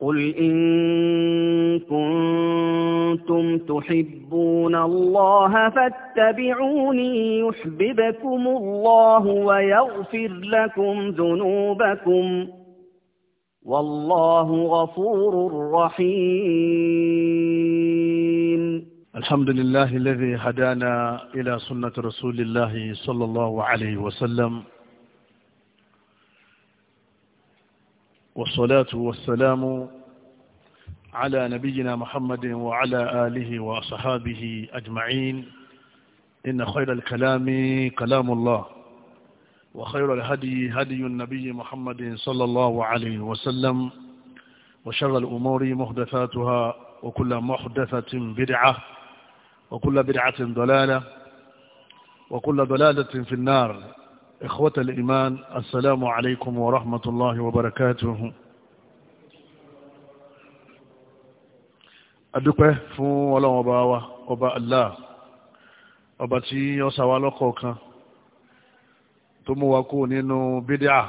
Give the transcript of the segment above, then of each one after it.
قل إن كنتم تحبون الله فاتبعوني يحببكم الله ويغفر لكم ذنوبكم والله غفور رحيم الحمد لله الذي هدانا إلى سنة رسول الله صلى الله عليه وسلم والصلاة والسلام على نبينا محمد وعلى آله وصحابه أجمعين إن خير الكلام كلام الله وخير الهدي هدي النبي محمد صلى الله عليه وسلم وشر الأمور محدثاتها وكل محدثة بدعة وكل بدعة ضلالة وكل ضلالة في النار إخوة الإيمان السلام عليكم ورحمة الله وبركاته adúpẹ́ fún ọlọ́run ọba wa ọba Allah ọba tí ó ṣà wá lọ́kọ̀ọ̀kan tó mú wa kú nínú bídíà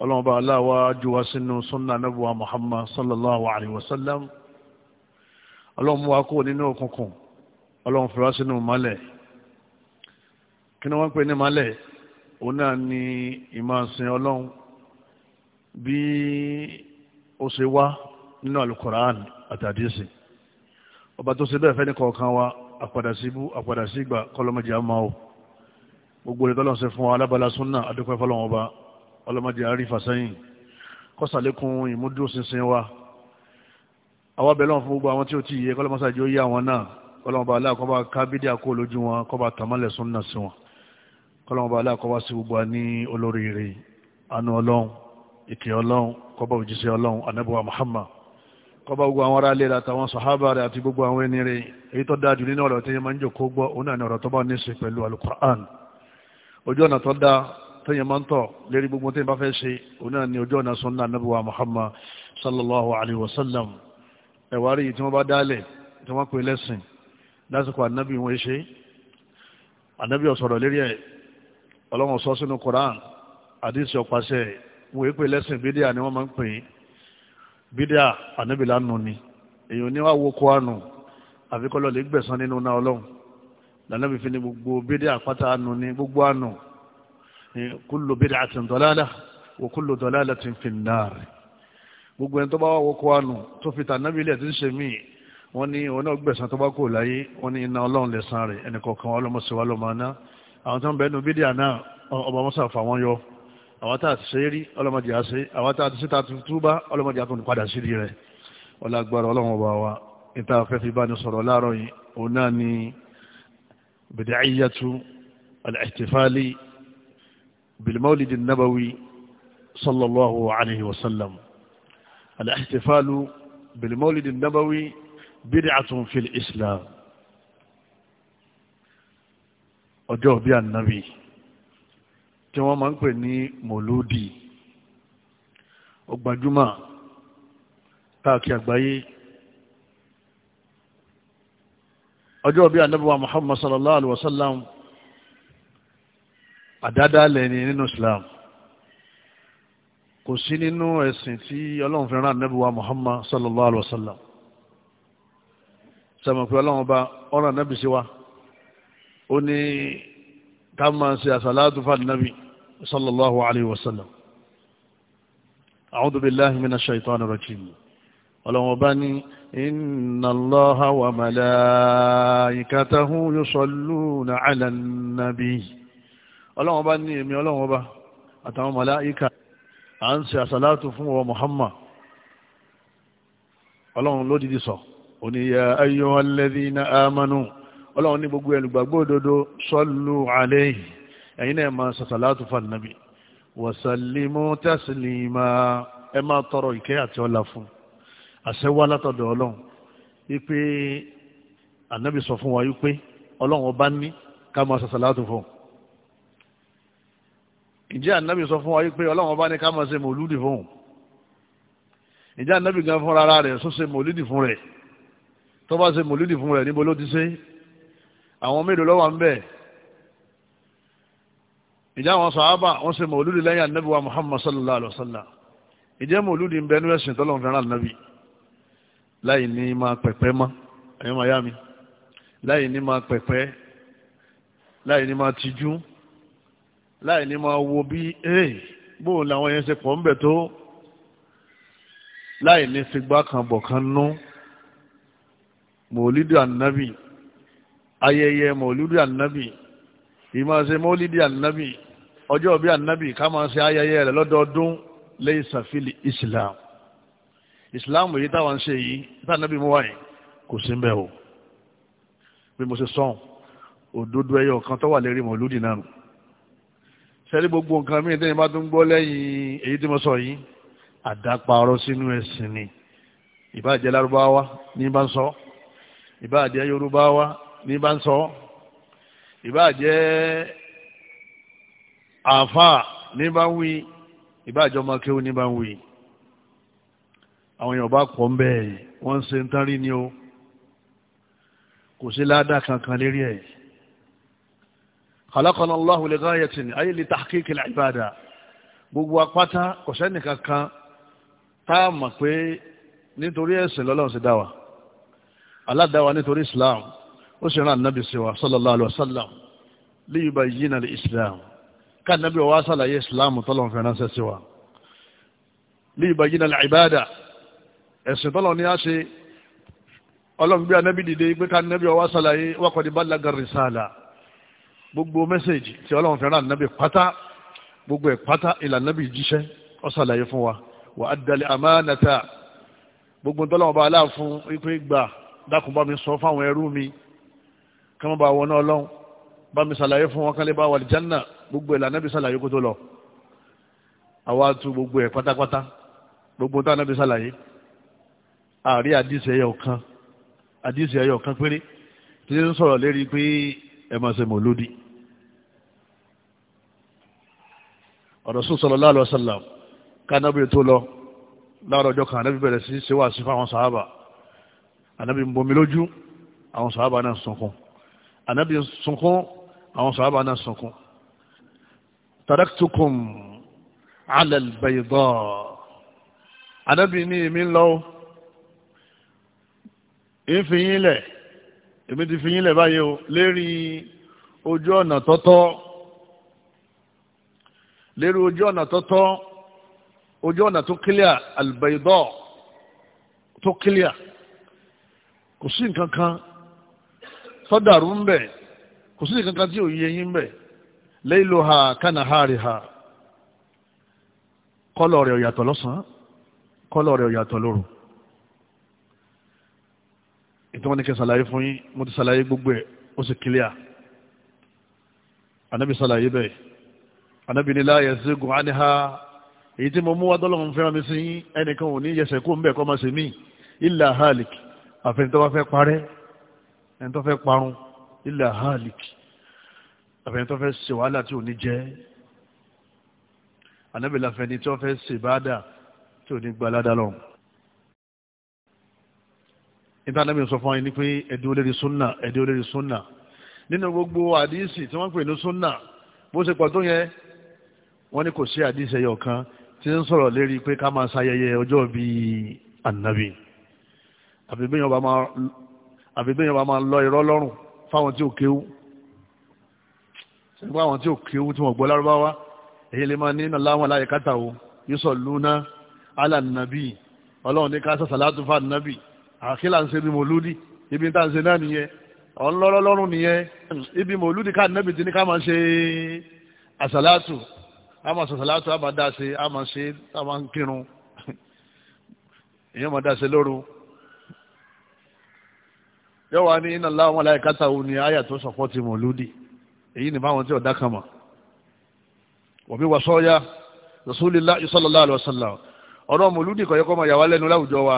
ọlọ́run ọba Allah wá jù wá sínú sunna nabuwa Muhammad sallallahu alaihi wasallam ọlọ́run mú wa kú nínú òkùnkùn ọlọ́run fi wá sínú mọ́lẹ̀ kí ni wọ́n pè ní mọ́lẹ̀ òun náà ni ìmọ̀ọ́sìn ọlọ́run bí ó ṣe wá nínú alukoran àtàdísì ọba tó ṣe bẹ́ẹ̀ fẹ́ ní kọ̀ọ̀kan wa àpàdà síbú àpàdà sígbà kọlọ́mọdé àmà o gbogbo rẹ̀ tọ́lọ́n ṣe fún wa alábàlá súnà adúpẹ́ fọlọ́wọn ọba ọlọ́mọdé àrífà sẹ́yìn kọ́sàlékún ìmúdúróṣinṣin wa àwa bẹ̀rẹ̀ lọ́wọ́ fún gbogbo àwọn tí ó ti yẹ kọ́lọ́mọsáàjì ó àwọn náà kọ́lọ́mọba aláàkọ́bá kábídé àkó lójú wọn kọ́ba tàmálẹ̀ súnà sí wọn kọ́lọ́mọba aláàkọ́wá sí gbogbo ní olórí rẹ̀ anú ọlọ́run ìkẹ́ ọlọ́run kọ́bá òjíṣẹ́ ọlọ́run anábọ̀wá Muhammad kọ́bá gbogbo àwọn ará léra àtàwọn sàhábà rẹ̀ àti gbogbo àwọn ẹni rẹ̀ èyí tó dáa jù nínú ọ̀rọ̀ tẹ́yẹ máa ń jòkó gbọ́ òun náà ni ọ̀rọ̀ tó bá ní ṣe pẹ̀lú alukur'an ojú ọ̀nà tó dáa tẹ́yẹ máa ń tọ̀ lérí gbogbo tẹ́yẹ bá fẹ́ ṣe òun náà ni ojú ọ̀nà sunna anábọ̀wá Muhammad sallallahu alayhi wa sallam ẹ̀wárí tí wọ́n bá dálẹ̀ tí wọ́n pè lẹ́sìn lásìkò anábì wọn ṣe anábì ọ̀sọ̀rọ̀ lérí ẹ̀ ọlọ́run sọ sínú koran àdìsí ọ̀pàṣẹ wọn èèpè lẹ́sìn bídíà ni wọ́n máa ń pè é bídíà ànábìlà nù ni èèyàn ní wàá wo kóánù àfikọ́lọ́ lè gbẹ̀sán nínú náà ọlọ́run lànàbì fi ni gbogbo bídíà pátá nù ni gbogbo àánú kullu bid'atin dalalah wa kullu dalalatin fin nar gbogbo ẹni tó bá wà wo kóánù tó fi tànábìlẹ̀ tí ń ṣe míì wọ́n ní ọ̀nà ọgbẹ̀sán tó bá kò láyé wọ́n ní iná ọlọ́run lẹ̀sán rẹ̀ ẹnìkọ̀ọ̀kan ọlọ́mọṣẹ́wá lọ́mọ náà àwọn tó ń bẹnu bídíà náà ọba mọ́sá fà wọ́n yọ àwọn tá a ti ṣe rí ọlọ́mọdé àṣẹ àwọn tá a ti ṣe ta túbá ọlọ́mọdé àtúntò padà sí rí rẹ̀ ọlágbára ọlọ́run ọba wa níta fẹ́ bá ní sọ̀rọ̀ láàárọ̀ yìí òun náà ni bìdíàyàtú al-ihtifali bilmawlid an-nabawi sallallahu alayhi wa sallam al-ihtifalu bilmawlid an-nabawi bid'atun fil islam ọjọ́ bí ànábì tí wọ́n máa ń pè ní mòlódì ó gbajúmọ̀ káàkiri àgbáyé ọjọ́ bí ànábì wa Muhammad sallallahu alaihi wasallam àdádálẹ̀ ni nínú Islam kò sí nínú ẹ̀sìn tí ọlọ́run fi rán ànábì wa Muhammad sallallahu alaihi wasallam sẹ́mi pé ọlọ́run bá ọ̀rọ̀ ànábì sí wa ó ní ká máa ṣe àṣàlátù fún ànábì sallallahu alayhi wa sallam a'udhu billahi minash shaitani rajim ọlọ́wọ́n bá ní inna allaha wa malaikatahu yusalluna ala nabi ọlọ́wọ́n bá ní èmi ọlọ́wọ́n bá àtàwọn màláíkà à ń ṣe àṣàlátù fún wa muhammad ọlọ́run ló sọ òní ya ayyuhal ladhina ọlọ́run ní gbogbo ẹlùgbàgbọ́ òdodo sọ́lù alayhi ẹ̀yin náà máa sàtàlátù fànàbí wàsàlímù tàṣìlìmà ẹ máa tọrọ ìkẹ́ àti ọlá fún àṣẹwá látọ̀dọ̀ ọlọ́run wípé ànábì sọ fún wa wípé ọlọ́run ọba ní ká máa sàtàlátù fún ǹjẹ́ ànábì sọ fún wa wípé ọlọ́run ọba ní ká máa ṣe mòlúdì fún ǹjẹ́ ànábì gan fún rárá rẹ̀ sọ ṣe mòlúdì fún rẹ̀ tó bá ṣe mòlúdì fún rẹ̀ níbo ló ti ṣe àwọn mélòó ló wà ń bẹ̀ ìjà àwọn sàhábà wọ́n ṣe mọ̀lúdì lẹ́yìn ànábì wa muhammad sallallahu alaihi wa sallam ìjẹ́ mọ̀lúdì ń bẹ ní ẹ̀sìn tọ́lọ́run fẹ́ràn ànábì láì ní máa pẹ̀pẹ́ mọ́ ẹ̀yọ́ màá yá mi láì ní máa pẹ̀pẹ́ láì ní máa tijú láì ní máa wo bí ee eh, bóun làwọn yẹn ṣe pọ̀ ń bẹ̀ tó láì ní figbá kan bọ̀ kan nú mọ̀lúdì ànábì ayẹyẹ mọ̀lúdí ànábì ìmọ̀ọ́sẹ mọ́lídí ànábì ọjọ́ bí ànábì ká máa ṣe ayẹyẹ rẹ̀ lọ́dọọdún lẹ́yìn sàfílì islam islam èyí táwọn ń ṣe yìí tá ànábì mú wáyé kò sí ń bẹ̀ o bí mo ṣe sọ́n òdodo ẹyọ kan tó wà lérí mọ̀lúdí náà sẹ́rí gbogbo nǹkan míì tẹ́yìn bá tún gbọ́ lẹ́yìn èyí tí mo sọ yìí àdáparọ́ sínú ẹ̀sìn ni ìbáàjẹ́ lárúbáwá ní bá ń sọ ìbáàjẹ́ yorùbáwá ní bá ń sọ ìbá jẹ́ àáfàá ní bá ń wí ìbá àjọ ọmọ kéwú ní bá ń wí àwọn èèyàn bá pọ̀ ń bẹ́ẹ̀ wọ́n ń ṣe ń tán rí ni o kò sí ládàá kankan lérí ẹ̀ khalaqana Allahu li ghayatin ay li tahqiq al-ibada gbogbo apáta kò sẹ́nì kankan tá a mọ̀ pé nítorí ẹ̀sìn lọ́lọ́run sì dá wa nítorí Islam ó sì rán ànábì sí wa sallallahu alaihi wasallam li yubayyina al-islam ká ànábì wa sàlàyé islam tọ́lọ̀ fẹ́ ránṣẹ́ sí wa li yubayyina al-ibada ẹ̀sìn tọ́lọ̀ ní a ṣe ọlọ́gbé anábì dìde pé ká anábì ọwá sàlàyé wákọ̀dé bá lága rìsàlà gbogbo mẹ́sẹ̀jì tí ọlọ́run fẹ́ràn anábì pátá gbogbo ẹ̀ pátá ìlà anábì jíṣẹ́ ọ sàlàyé fún wa wà á dalẹ̀ àmánàtà gbogbo sọ fáwọn ẹrú mi Kama ba bá wọná ọlọ́run bá mi ṣàlàyé fún wọn kálí bá wà lìjánà gbogbo ẹ̀ lànàbí ṣàlàyé kó tó lọ àwa tu gbogbo ẹ̀ pátápátá gbogbo tá ànàbí ṣàlàyé àárí àdìsí ẹyọ kan àdìsí ẹyọ kan péré tí ń sọ̀rọ̀ lérí pé ẹ máa ṣe mọ̀lódì Rasul sallallahu alaihi wasallam kánábì tó lọ láàárọ̀ ọjọ́ kan ànábì bẹ̀rẹ̀ sí ṣe wá sí fáwọn sàhábà ànábì ń bomi lójú àwọn sàhábà náà sunkún ànábì sunkún àwọn sàhábà náà sunkún taraktukum ala albayda ànábì ní èmi ń lọ ìfìyín lẹ̀ èmi ti fi yín lẹ̀ báyìí o lérí ojú ọ̀nà tọ́tọ́ lérí ojú ọ̀nà tọ́tọ́ ojú ọ̀nà tó kílíà albayda tó kílíà kò sí nǹkan kan sọ́dàrú ń bẹ̀ kò sí kankan tí ò yẹ yín mbẹ layluha ha kọ́lọ̀ na ha yàtọ̀ lọ́sàn-án rẹ̀ ò yàtọ̀ lóru ìtọ́ n'i kí sàlàyé fún yín mo ti gbogbo ó sì kílíà ní láàyè sí gùn á ní ha èyí tí mo mú wá fẹ́ràn mi sí yín ẹnìkan ò ní yẹsẹ̀ kó ń ẹni tó fẹ́ parun ilẹ̀ ahalik àbẹ̀yẹn tó fẹ́ ṣe wàhálà tí ò ní jẹ́ anábìlà fẹ́ni tí wọ́n fẹ́ ṣe báàdà tí ò ní gba aládàá lọ. níta anábìlà sọ fún yín ni pé ẹ̀dùn olórí súnà ẹ̀dùn olórí súnà nínú gbogbo àdíìsì tí wọ́n pè ní súnà bó ṣe pọ̀ tó yẹn wọ́n ní kò sí àdíìsì ẹyọ kan tí ń sọ̀rọ̀ lérí pé ká máa ṣayẹyẹ ọjọ́ bíi ànábì àbí bí yẹn bá máa àfi tó yẹn bá máa lọ irọ́ lọ́rùn fáwọn tí ò kéwú sẹ́gbọ́n àwọn tí ò kéwú tí wọ́n gbọ́ lárúbáwá èyí lè máa ní iná láwọn aláìkáta o yíṣọ lúná alà nàbí ọlọ́run ní káṣà sàlátù fà nàbí àkílà ń ṣe bí mòlúdì ibi tá ń ṣe náà nìyẹn ọ̀n lọ́rọ́ lọ́rùn nìyẹn ibi mòlúdì ká nàbí ti ní ká máa ṣe àsàlátù a máa sàsàlátù a máa dá ṣe a máa ṣe a máa kírun èèyàn máa dá ṣe lóru yóò wá ní iná láwọn aláìkátà òun ni àyà tó sọ̀pọ̀ ti mọ̀lúdì èyí ni báwọn tí ọ̀dá kan mọ̀ wọ̀bí wà sọ́ọ́yá rasulillah sallallahu alaihi wasallam ọ̀rọ̀ mọ̀lúdì kọ̀yẹ́ kọ́ mọ̀ yà wá lẹ́nu láwùjọ wa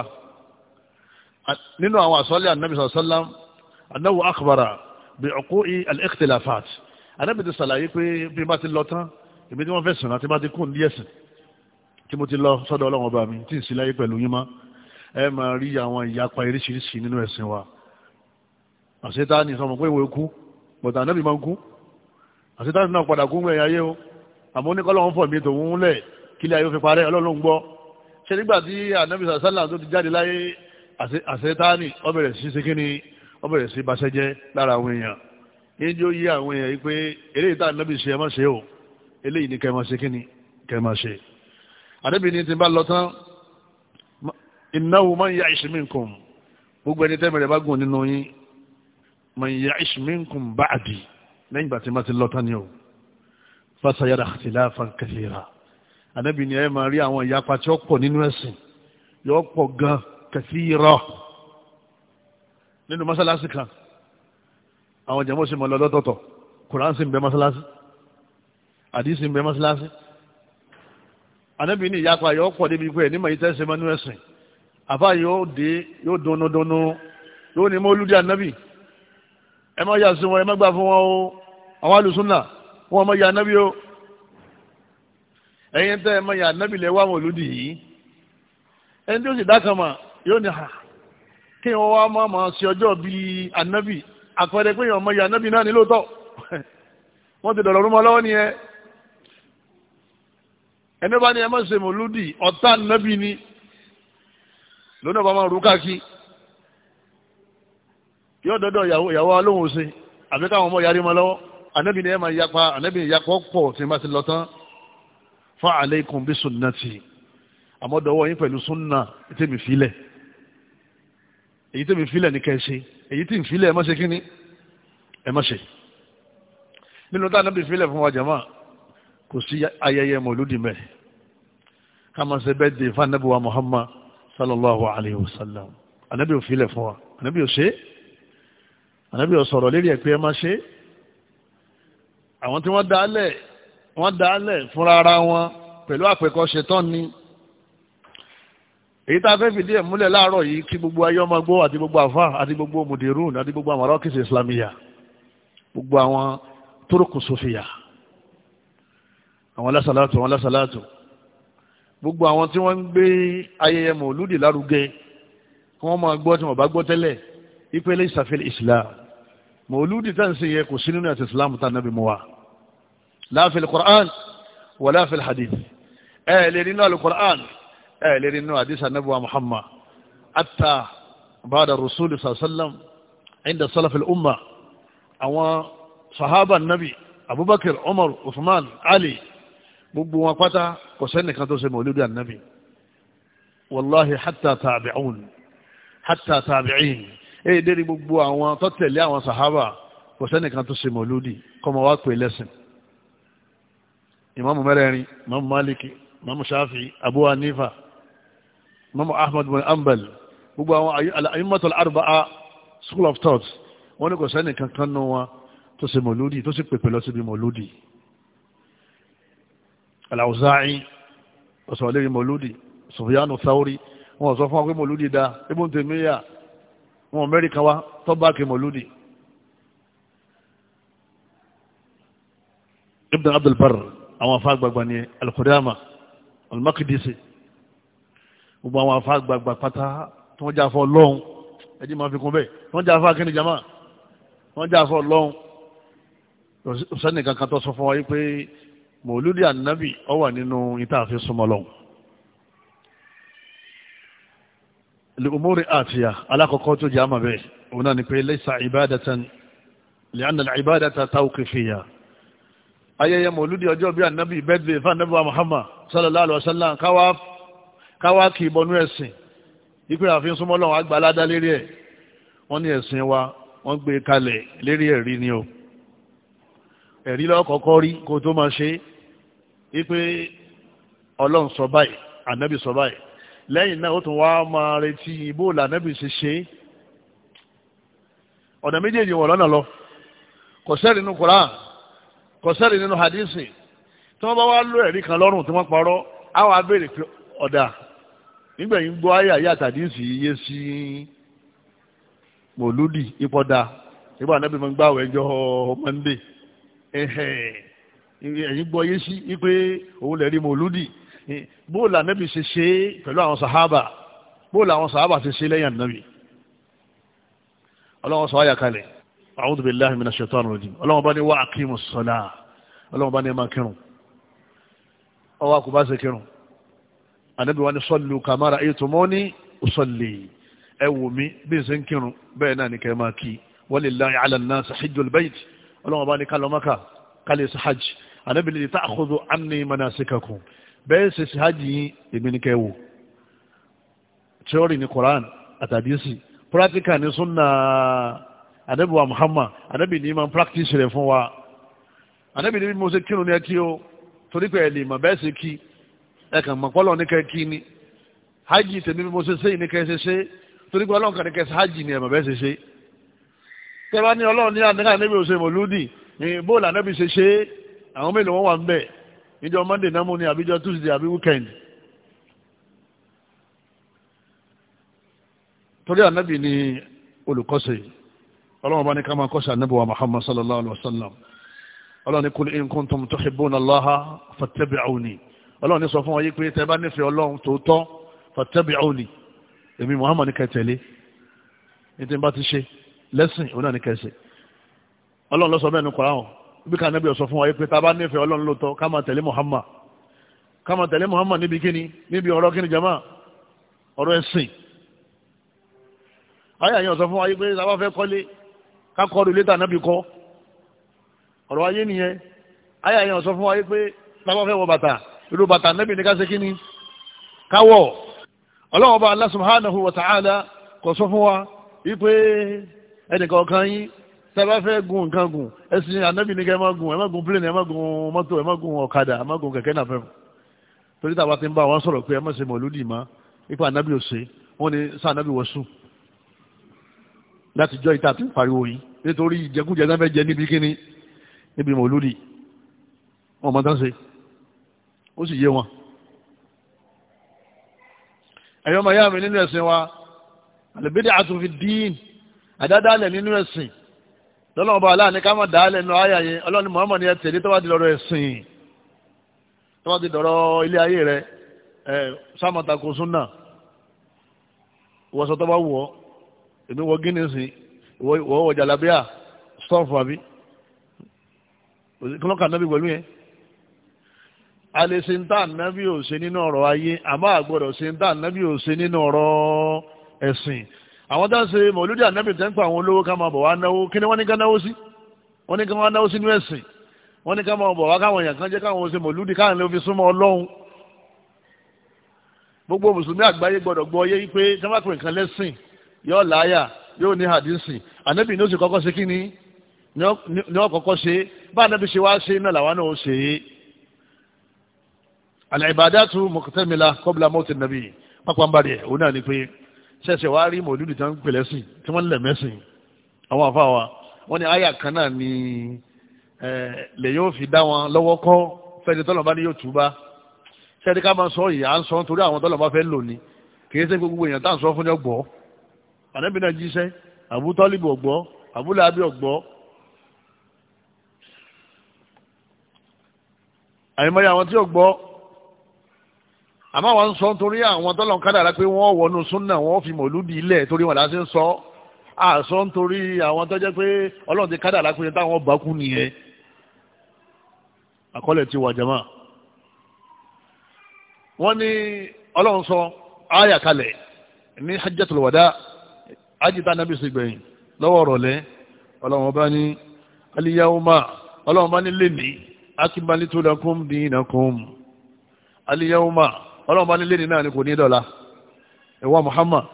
nínú àwọn àsọ́lẹ̀ anabi sallam anahu akbara bi uqui al-ikhtilafat anabi ti sàlàyé pé bí bá ti lọ tán èmi tí wọ́n fẹ́ sùn àti bá ti kún ní ẹ̀sìn tí mo ti lọ sọ́dọ̀ ọlọ́run ọba mi tí ì sí láyé pẹ̀lú yín mọ́ ẹ máa rí àwọn ìyapa eríṣiríṣi nínú ẹ̀sìn wa àṣetáni sọmọ pé ìwé kú bọ̀tà anábì máa ń kú àṣetáni náà padà kú ń gbẹ̀yìn ayé o àmọ́ ní kọ́lọ́hún fọ̀ mi tòun lẹ̀ kílẹ̀ ayé fi parẹ́ ọlọ́run gbọ́ ṣe nígbà tí anábì sàṣálà tó ti jáde láyé àṣetáni ọbẹ̀rẹ̀ sí ṣe kíni ọbẹ̀rẹ̀ sí baṣẹ́ jẹ́ lára àwọn èèyàn níjó yí àwọn èèyàn yìí pé eléyìí tá anábì ṣe ẹ ṣe o eléyìí ni kẹ́ máa ṣe kíni kẹ́ máa ṣe anábì ní ti bá lọ tán innahu man ya'ish minkum gbogbo ẹni tẹ́mẹ̀rẹ̀ bá gùn nínú yín man ya'ish minkum ba'di lẹ́yìn ìgbà tí ma ti lọ́tàn ni o fasayara ikhtilafan kathira anábì ni ẹ máa rí àwọn ìyapa tí ó pọ̀ nínú ẹ̀sìn yóò pọ̀ gan kathira nínú mọ́sálásí kan àwọn jẹ́mọ́ sì mọ̀ lọ lọ́tọ̀ọ̀tọ̀ kùrán sì ń bẹ mọ́sálásí àdìsí ń bẹ mọ́sálásí anábì ní ìyapa yóò pọ̀ débi pé nímọ̀ yìí tẹ́sí mọ́nú ẹ̀sìn àbá yóò dé yóò dunnudunnu yóò ní mọ́lúdí anábì ẹ má yà sí wọn ẹ má gbà fún wọn o àwọn alùsùnà wọn má yà ànábì o ẹ̀yin tẹ́ ẹ má yà ànábì lẹ wá àwọn olùdí yìí ẹni tí ó sì dákan mà yóò ní ha kí wọn wá má máa ṣe ọjọ́ bíi ànábì àpẹẹrẹ pé èèyàn má yà ànábì náà ní lóòótọ́ wọn ti dọ̀rọ̀ rúmọ lọ́wọ́ nìyẹn ẹni bá ní ẹ má ṣe mọ̀lúdì ọ̀tá ànábì ni lónà bá máa rú káàkiri yóò dọ́dọ̀ ìyàwó alóhùn sí àbí káwọn ọmọ yarí mọ́ lọ́wọ́ anábì ni ẹ máa yapa anábì yapọ̀ pọ̀ tí ma ti lọ tán fa aleikum bí sunnati àmọ́ dọ̀wọ́ yín pẹ̀lú sunna tèmi filẹ̀ èyí tèmi filẹ̀ ní kẹ́ẹ̀ṣe èyí tí ń filẹ̀ ẹ má ṣe kíní ẹ má ṣe nínú tá anábì filẹ̀ fún wa jama kò sí ayẹyẹ mọ̀lúdì mẹ́ ká máa ṣe bẹ́ẹ̀ dé fún anábì wa Muhammad sallallahu alayhi wa sallam anábì filẹ̀ fún wa anábì ò ṣe é ànábì ọ̀sọ̀rọ̀ lérí ẹ̀ pé ẹ má ṣe àwọn tí wọ́n dálẹ̀ wọ́n dálẹ̀ fúnra ara wọn pẹ̀lú àpẹkọ ṣetán ni èyí tá a fẹ́ fìdí ẹ̀ múlẹ̀ láàárọ̀ yìí kí gbogbo ayé ọmọ gbọ́ àti gbogbo àfa àti gbogbo mudirun àti gbogbo àwọn arákìsì islamiyà gbogbo àwọn tórókù sofia àwọn lásàlátù àwọn lásàlátù gbogbo àwọn tí wọ́n ń gbé ayẹyẹ mọ̀lúdì lárugẹ kí wọ́n máa gbọ́ tí wọ́n bá gbọ́ tẹ́lẹ̀ ìpele ìsàfihàn islam mọ̀lúdì tá ń ṣe yẹ kò sí nínú àti islam tá nábì mọ́ wa láàfin quran wà láàfin hadith ẹ lè nínú alukur'an ẹ lè nínú hadith anabuwa muhammad hatta bada rasul sallam inda salafil umma àwọn sahaba nabi abubakar umar usman ali gbogbo wọn pátá kò sẹ́nìkan tó ṣe mọ̀lúdì annabi wallahi hatta tabi'un hatta tabi'in èdè rí gbogbo àwọn tó tẹ̀lé àwọn sàhábà kò sẹ́nìkan tó ṣe mọ̀lúdì kọ́mọ wá pè lẹ́sìn ìmáàmù mẹ́rẹ̀ẹ̀rin ìmáàmù Málíkì ìmáàmù Ṣáfì Abu Hanifa ìmáàmù Ahmad bin Ambal gbogbo àwọn al-a'immatul arba'a school of thought wọ́n ní kò sẹ́nìkan kan nù wọn tó ṣe mọ̀lúdì tó sì pèpè lọ síbi mọ̀lúdì al-Awza'i ọ̀sọ̀ọ̀lẹ́rin mọ̀lúdì Sufyanu Thawri wọn sọ fún wa pé mọ̀lúdì dáa ibùn tèmíyà wọn amẹ́ríkà wa tó bá kí mọ̀lúdì ibn abdulbar àwọn afá gbagba ni alkudama almakidisi gbogbo àwọn afá gbagba pátá tí wọ́n jáfọ́ lọ́hun ẹjí máa fi kún bẹ́ẹ̀ tí wọ́n jáfọ́ akíní jama wọ́n jáfọ́ lọ́hun òsẹ́nì kankan tó sọ fún wa yí pé mọ̀lúdì ànábì ó wà nínú ìtàfi súnmọ́ lọ́hun lèmúrí àtìyà alákọ̀ọ́kọ́ tó jẹ́ àmàbẹ̀ òun náà ni pé lẹ́sà ìbádatan lẹ́ànà ìbádata tawqifiyya ayẹyẹ mọ̀lúdí ọjọ́ bí ànábì bẹ́ẹ̀dẹ̀ fànábà Muhammad sallallahu alaihi wasallam káwá kì í bọnú ẹ̀sìn ipe àfihàn súnmọ́ lọ́wọ́ agbáládá lérí ẹ̀ wọ́n ní ẹ̀sìn wa wọ́n gbé kalẹ̀ lérí ẹ̀rí ni o ẹ̀rí lọ́kọ̀ọ́kọ́ rí kó tó máa ṣe ipe ọlọ́run sọ báyìí ànábì sọ báyìí lẹ́yìn náà ó tún wá máa retí ibò lànàbì ṣe ṣe ọ̀nà méjèèjì wọ̀ lọ́nà lọ kò sẹ́rì nínú Qur'an kò sẹ́rì nínú hadisi tí wọ́n bá wá lọ ẹ̀rí kan lọ́rùn tí wọ́n parọ́ àwọn abéèrè pé ọ̀dà nígbẹ̀yìn gbọ́ ayé àyè àtàdísì yé sí mòlúdì ipọ́dà nígbà náà bí gbà wẹ̀ jọ Monday ẹ̀yìn gbọ́ yé sí wípé òun lè mòlúdì bóòlù ànábì ṣe ṣe pẹ̀lú àwọn sàhábà bóòlù àwọn sàhábà ṣe ṣe lẹ́yìn ànábì ọlọ́wọ́n sọ ayà kalẹ̀ a'udhu billahi minash shaitani rajim ọlọ́wọ́n bá ní wá aqimu ssalah ọlọ́wọ́n bá ní ẹmà kírun ọwọ́ kò bá ṣe kírun ànábì wa ní sallu kama ra'aytumuni usalli ẹ wò mí bí n ṣe ń kírun bẹ́ẹ̀ náà ní kẹ́ máa kí walillahi 'ala an-nasi bẹ́ẹ̀ ṣe ṣe hajj yín èmi ni kẹ́ wò tíọ́rì ní Quran àtàdísì practical ni sunna anabi Muhammad anabi ní ma practice rẹ̀ fún wa anabi ní mo ṣe kírun ní ẹkí o torí pé ẹ̀lì mà bẹ́ẹ̀ ṣe kí ẹ̀kàn mọ̀pọ́lọ̀ ní kẹ́ kí ni hajj tèmi bí mo ṣe ṣe ní kẹ́ ṣe ṣe torí pé ọlọ́run kan ní kẹ́ ṣe hajj ni ẹ̀mà bẹ́ẹ̀ ṣe ṣe tẹ́wá ní ọlọ́run ní anabi ò ṣe mọ̀lúdì bóòlù anabi ṣe ṣe àwọn mélòó wọn wà ń bẹ́ẹ̀ níjọ́ monday náà mú ni àbíjọ́ tuesday àbí weekend torí ànábì ni olùkọ́sẹ̀ ọlọ́run bá ní ká máa kọ́sẹ̀ ànábì wa muhammad sallallahu alayhi wa sallam ọlọ́run ní kul in kuntum tuhibbuna allaha fattabi'uni ọlọ́run ní sọ fún wa yí pé tẹ́ bá nífẹ̀ẹ́ ọlọ́run tòótọ́ fattabi'uni èmi muhammad ní kẹtẹ̀lé ní tí n bá ti ṣe lẹ́sìn òun náà ní kẹsẹ̀ ọlọ́run ló bẹ́ẹ̀ ní kọ́ra hàn bí ká nẹ́bí ọ̀sọ̀ fún wa pé tábà nífẹ̀ẹ́ ọlọ́run ló tọ́ ká máa tẹ̀lé Muhammad ká máa tẹ̀lé Muhammad níbi kíni níbi ọ̀rọ̀ kíni jama ọ̀rọ̀ ẹ̀sìn ayé àyàn ọ̀sọ̀ fún wa pé tábà fẹ́ kọ́lé ká kọ́ ru létà nábì kọ́ ọ̀rọ̀ ayé nìyẹn ayé àyàn ọ̀sọ̀ fún wa pé tábà fẹ́ wọ bàtà irú bàtà nábì ní ká ṣe kíni káwọ̀ ọlọ́wọ́ bá Allah subhanahu wa ta'ala kọ̀ sọ fún wa wípé ẹnìkan kan yín tẹ́lá fẹ́ gun nǹkan gùn ẹ̀sìn ànábì ní kẹ́ ẹ má gun ẹ má gun plane ẹ má gun mọ́tò ẹ má gun ọ̀kadà ẹ má gun kẹ̀kẹ́ náà fẹ́ràn torí tàbá ti ń bá wọn sọ̀rọ̀ pé ẹ má ṣe mọ̀lúdì má ipa ànábì ò ṣe wọ́n ní sá ànábì wọ̀ sùn láti jọ ìta àti pariwo yìí nítorí ìjẹkújẹ náà fẹ́ jẹ níbi kíní níbi mọ̀lúdì wọn mọ̀ tán ṣe ó sì yé wọn. ẹ̀yọ́ màyá nínú ẹ̀sìn wa àlùbídà àtúnfi dín àdádálẹ̀ nínú ẹ̀sìn lọ́lọ́wọ́ bá aláàní ká mọ̀ dá lẹ́nu ayà yẹn ọlọ́ni Muhammad ni ẹ tẹ̀lé tọ́wọ́ lọ́rọ̀ ẹ̀sìn tọ́wọ́ lọ́rọ̀ ilé ayé rẹ ẹ sámọ̀tà kò súnà ìwọ̀sọ̀ èmi wọ gíní sí ìwọ wọ jàlábíà stọ́ọ̀fù àbí kí ló kà nábì pẹ̀lú yẹn nábì àwọn tó ń ṣe mọ̀lúdí ànábì tẹ́ ń pa àwọn olówó ká máa bọ̀ wá náwó kí ni wọ́n ní ká náwó sí wọ́n ní ká wọ́n náwó sínú ẹ̀sìn wọ́n ní ká máa bọ̀ wá káwọn èèyàn kan jẹ́ káwọn ṣe mọ̀lúdí káwọn lè fi súnmọ́ ọlọ́run gbogbo mùsùlùmí àgbáyé gbọ́dọ̀ gbọ́ yé pé sábàpẹ̀ nǹkan lẹ́sìn yóò láyà yóò ní hadisi ànábì ní ó sì kọ́kọ́ ṣe kí ni ní ó kọ́kọ́ ṣe bá ànábì ṣe wá ṣe náà làwọn náà ṣe é al-ibadatu muqtamila qabla mawti an-nabi pápá ń bá rẹ̀ òun náà ni pé ṣẹ̀ṣẹ̀ wá rí mòlúdì tí wọ́n ń pè lẹ́sìn tí wọ́n ń lẹ̀ mẹ́sìn àwọn àfa wa wọ́n ní àyà kan náà ni lè yóò fi dá wọn lọ́wọ́ kọ́ fẹ́ni tọ́lọ̀ bá ní yóò túbá ṣẹ́ni ká máa sọ yìí à ń sọ nítorí àwọn tọ́lọ̀ bá lò ní kì í gbogbo èèyàn tá à ń sọ fún ní ọgbọ́ ànábì náà jíṣẹ́ àbútọ́líbì ọgbọ́ àbúlábì ọgbọ́ àyèmọ́yà àwọn tí ọgbọ́ àmọ́ wọn ń sọ nítorí àwọn tọ́lọ̀ ń kádàrá pé wọ́n wọnú súnà wọ́n fi mọ̀lúdì ilẹ̀ torí wọn láti ń sọ àsọ nítorí àwọn tó jẹ́ pé ọlọ́run ti kádàrá pé táwọn bá kú nìyẹn àkọlẹ̀ ti wà jama wọ́n ní ọlọ́run sọ ayà kalẹ̀ ní hajjatul wada ajita nabi sì lọ́wọ́ rọ̀lẹ́ ọlọ́run bá ní aliyahuma ọlọ́run bá ní lèmi akimbalito dinakum aliyahuma ọlọ́run bá nílé ní náà ni kò ní dọ̀la ẹ̀wọ́ Muhammad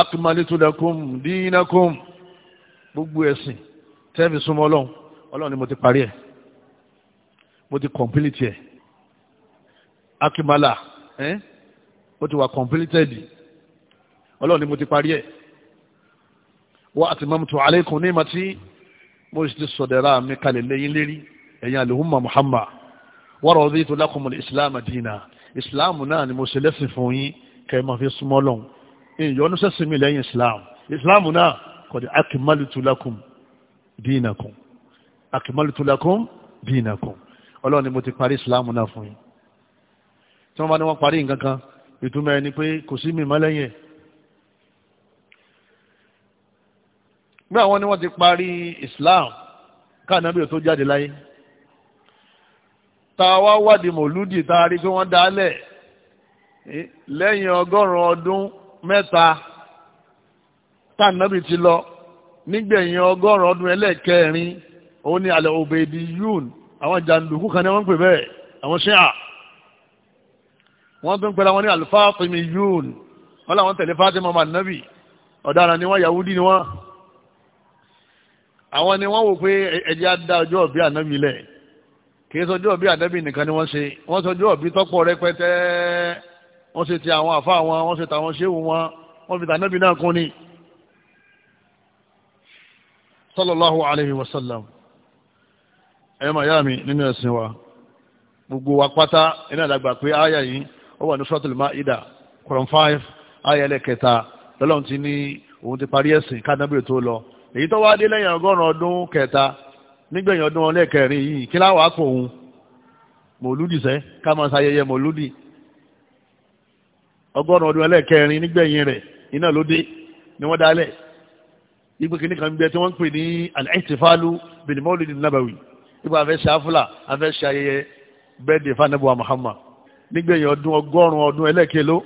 akimalitu lakum dinakum gbogbo ẹ̀sìn tẹ́ẹ̀fì súnmọ́ ọlọ́run ọlọ́run ni mo ti parí ẹ̀ mo ti kọ̀mpilìtì ẹ̀ akimala ẹ́ mo ti wà kọ̀mpilìtẹ̀dì ọlọ́run ni mo ti parí ẹ̀ wa atmamtu alaykum ni'mati mo sì ti sọ̀dẹ̀ra mi kalẹ̀ lẹ́yìn lérí ẹ̀yin àlùhùmà Muhammad wa raditu lakumul islam dina ìsìláàmù náà ni mo ṣe lẹ́sìn fún yín kẹ́ ẹ máa fi súnmọ́ lọ́hùn ìyọnu sẹ́sìn mi lẹ́yìn ìsìláàmù ìsìláàmù náà kò dé akimalutu lakum dinakum akimalutu lakum dinakum ọlọ́run ni mo ti parí ìsìláàmù náà fún yín tí wọ́n bá ní wọ́n parí nǹkan kan ìtumọ̀ ẹni pé kò sí mi mọ́ lẹ́yìn ẹ̀ bí àwọn ni wọ́n ti parí ìsìláàmù káà nábì tó jáde láyé ta wá wádìí mòlúdì tá a rí pé wọ́n dálẹ̀ eh, lẹ́yìn ọgọ́rùn-ún ọdún mẹ́ta tá nàbì ti lọ nígbẹ̀yìn ọgọ́rùn-ún ọdún ẹlẹ́ẹ̀kẹrin òun ni alẹ́ òbèdì yún àwọn jàǹdùkú kan ní wọ́n ń pè bẹ́ẹ̀ àwọn ṣíà wọ́n tún pẹ̀lú àwọn ní alifátìmí yún wọ́n láwọn tẹ̀lé fátímọ̀ mà nàbì ọ̀daràn ni wọ́n yahudi ni wọ́n àwọn ni wọ́n wò pé ẹ̀jẹ̀ á dá ọjọ́ ọ̀bí ànábì lẹ́yìn kì í sọjọ́ òbí ànábì nìkan ni wọ́n ṣe wọ́n sọjọ́ tọ́pọ̀ rẹpẹtẹ wọ́n ṣe ti àwọn àfa wọn wọ́n ṣe tàwọn ṣéwù wọn wọ́n fi tànábì náà kún ni. sallallahu alayhi wa sallam ẹ máa yá wa gbogbo wa pátá iná ìdàgbà pé àyà yìí ó wà ní suratul lọ èyí tó wá dé kẹta nígbẹ̀yìn ọdún ọlẹ́kẹrin yìí kí láwàá kò òun mòlúdì sẹ́ ká máa ṣayẹyẹ mòlúdì ọgọ́rùn ọdún ẹlẹ́ẹ̀kẹrin nígbẹ̀yìn rẹ̀ iná ló dé ni wọ́n dálẹ̀ ipò kìíní kan bẹ tí wọ́n ń pè ní al-ihtifalu bil ipò afẹ́ ṣàfùlà afẹ́ ṣayẹyẹ bẹ́ẹ̀dẹ̀ fanabu Muhammad nígbẹ̀yìn ọdún ọgọ́rùn ọdún ẹlẹ́ẹ̀kẹló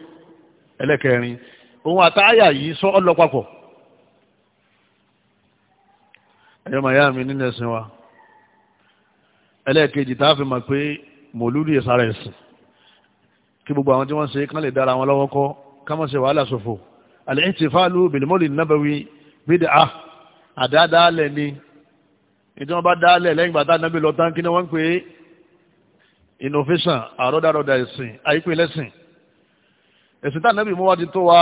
ẹlẹ́ẹ̀kẹrin òun àtàyà yìí sọ ọlọ́pàpọ̀ ẹ̀yọ́ màá yá mi nínú ẹ̀sìn wa ẹlẹ́ẹ̀kejì tá a fi mọ̀ pé mòlúdì ìsára ẹ̀sìn kí gbogbo àwọn tí wọ́n ṣe kán lè dára wọn lọ́wọ́ kọ́ ká mọ̀ ṣe wàhálà ṣòfò al-ihtifalu bil-mawlid an-nabawi bid'ah àdáadáalẹ̀ ni ìtí wọ́n bá dáalẹ̀ lẹ́yìn bàtà nábì lọ tán kí ni wọ́n ń pè é innovation àrọ́dàrọ́dà ẹ̀sìn àyípẹ́ lẹ́sìn ẹ̀sìn tá nábì mú wá ti tó wa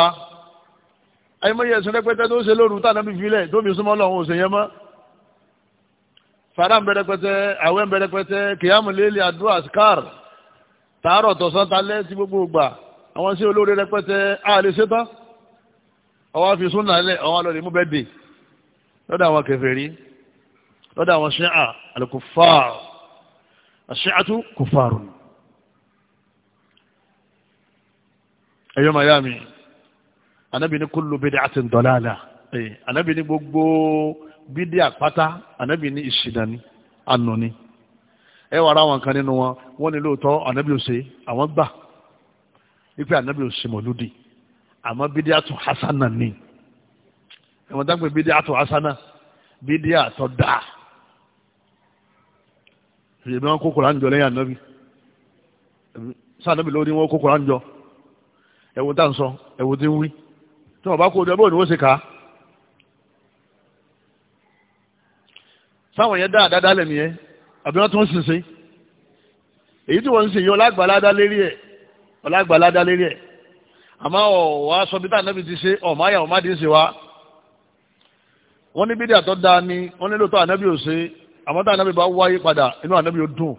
ayé mọ́ yẹ ẹ̀sìn rẹpẹtẹ tó ń ṣe lóru tá nábì filẹ̀ tó mi súnmọ́ lọ́hùn òṣèyẹn mọ́ sàrà ń bẹ̀rẹ̀ pẹ́tẹ́ àwẹ̀ ń bẹ̀rẹ̀ pẹ́tẹ́ kìyàmù lélẹ̀ àdúrà skar tààrọ̀ tọ̀sán talẹ́ sí gbogbo ìgbà àwọn sí olóore rẹpẹ́tẹ́ àlè ṣetán ọwọ́ fi súnà lẹ̀ ọwọ́ lọ́ọ̀rì mú bẹ́ẹ̀ dè lọ́dọ̀ àwọn kèfèrí lọ́dọ̀ àwọn ṣíà al-kuffar aṣíàtú kùfàrùn ẹ̀yọ́ miami anábìíní kullu bid'atin dalalah anábìíní gbogbo bídí àpáta ànábì ní ìṣìnà ni ànà ni ẹ wà ara wọn kan nínú wọn wọn ní lóòótọ́ ànábì ò ṣe àwọn gbà wípé ànábì ò ṣe mọ̀lúdì àmọ́ bídí àtò hasana ni ẹ̀wọ̀n dágbé bídí àtò hasana bídí àtò dáa èmi wọn kó koran jọ lẹ́yìn ànábì sànábì lórí wọn kó koran jọ ẹ̀wọ̀n tá à ń sọ ẹ̀wọ̀n tí ń wí tí wọn bá kó o jọ bóyá ni wọn ṣe kà á. sáwọn yẹn dáadáa dálẹ̀ nìyẹn àbí wọ́n tún ń sèse èyí tí wọ́n ń sè yọ ọlágbàládá lérí ẹ̀ ọlágbàládá lérí ẹ̀ àmọ́ ọ̀wá sọ bí táà nẹ́bi ti ṣe ọ̀máyà ọ̀má ti ń ṣe wá wọ́n ní bídíà tó dáa ni wọ́n nílò tó ànẹ́bí ò ṣe àmọ́ táà nẹ́bi bá wáyé padà inú ànẹ́bí ò dùn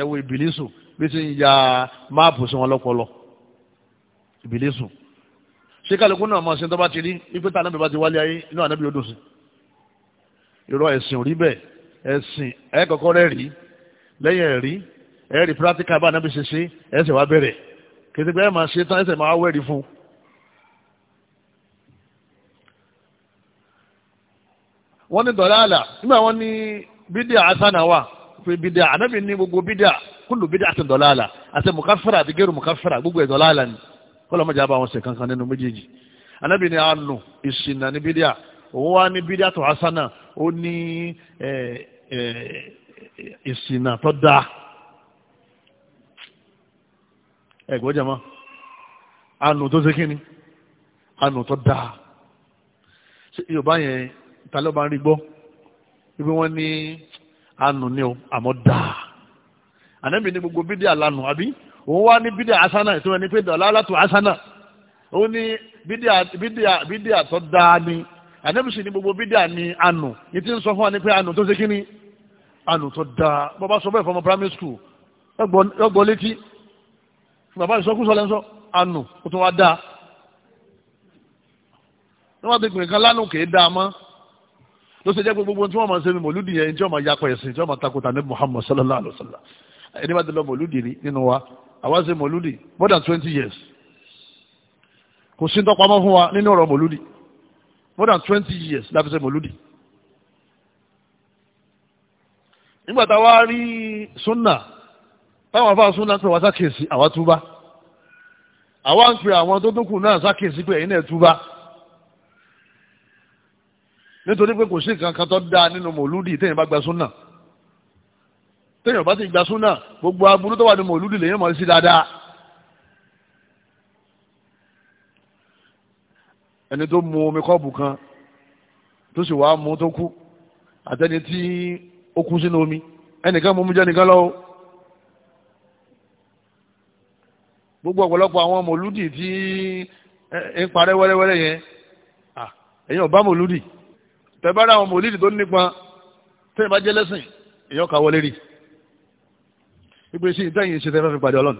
ẹ̀wọ̀ ìbìlísù bí ti ń ya máàpù sí wọn lọ́pọlọ ìbìlísù ṣé kálukú náà mọ̀ sí tó bá ti rí ipé táà nẹ́bi bá ti wálé ayé inú ànẹ́bí ò dùn sí i irọ́ ẹ̀sìn ò rí bẹ́ẹ̀ ẹ̀sìn ẹ̀ kọ́kọ́ rẹ̀ rí lẹ́yìn ẹ̀ rí ẹ̀ rí pírátíkà bá anábì ṣe ṣe ẹ̀ sì wá bẹ̀rẹ̀ kìtìpẹ́ ẹ̀ máa ṣe tán ẹ̀sẹ̀ máa wẹ̀rí fún un. wọ́n ní dọ̀lá àlà nígbà wọ́n ní bídíà asánà wà pé bídíà anábì ní gbogbo bídíà kúlù bídíà àti dọ̀lá àlà àti mùkáfẹ́rà àti gẹ́rù mùkáfẹ́rà gbogbo ẹ̀ àlà ni kọ́lọ́mọ́jà bá wọn ṣe kankan nínú méjèèjì anábì ní àánú ìsìn náà ní bídíà òun wá ní bídíàtò hasana ó ní ìsìnà tó dáa ẹ̀gbọ́n jẹ́ mọ́ anù tó ṣe kíni anù tó dáa yorùbá yẹn ìtàlẹ́ ọba rí gbọ́ ibi wọ́n ní anù ni o àmọ́ dáa ànẹ́bì ní gbogbo bídíà lánù àbí òun wá ní bídíà asana ìtumọ̀ ní pé dọ̀lá látò asana ó ní bídíà bídíà bídíà tó dáa ni ànábì sì ní gbogbo bídà ní ànù ní ti ń sọ fún wa ní pé ànù tó ṣe kí ni ànù tó dáa bàbá sọ bẹ́ẹ̀ fọmọ primary school ọgbọ létí bàbá ìsọkúsọ lẹ́nsọ ànù kò tó wá dáa wọ́n ti gbìn kan lánàá kìí dáa mọ́ ló ṣe jẹ́ pé gbogbo tí wọ́n máa ṣe ni mòlúdì yẹn tí wọ́n máa yakọ̀ ẹ̀sìn tí wọ́n máa takùtà ní Muhammad sallallahu alayhi wa sallam ẹni bá ti lọ mòlúdì rí nínú wa àwa more than twenty years kò sí ń tọ́pamọ́ fún wa nínú more than twenty years la fi ṣe mòlúdì nígbà tá a wá rí súnà táwọn afáà súnà pé wá sákèsí àwa túbá àwa ń pe àwọn tó dúnkù náà sákèsí pé ẹ̀yin náà túbá nítorí pé kò sí kankan tó dáa nínú mòlúdì téèyàn bá gba súnà téèyàn bá ti gba súnà gbogbo aburú tó wà ní mòlúdì lèyìn mọ̀ sí dáadáa. ẹni tó mu omi kọ́ọ̀bù kan tó sì wàá mu tó kú àtẹni tí ó kú sínú omi ẹnìkan mú mi jẹ́ nìkan lọ́wọ́ gbogbo ọ̀pọ̀lọpọ̀ àwọn mòlúdì tí ń parẹ́ wẹ́rẹ́wẹ́rẹ́ yẹn ẹ̀yin ọba mòlúdì tẹ̀bára àwọn mòlúdì tó nípa tẹ́yìn bá jẹ́ lẹ́sìn èèyàn kà wọlé rí ipe sí ìtẹ́yìn ṣe tẹ́fẹ́ fi pàdé ọlọ́run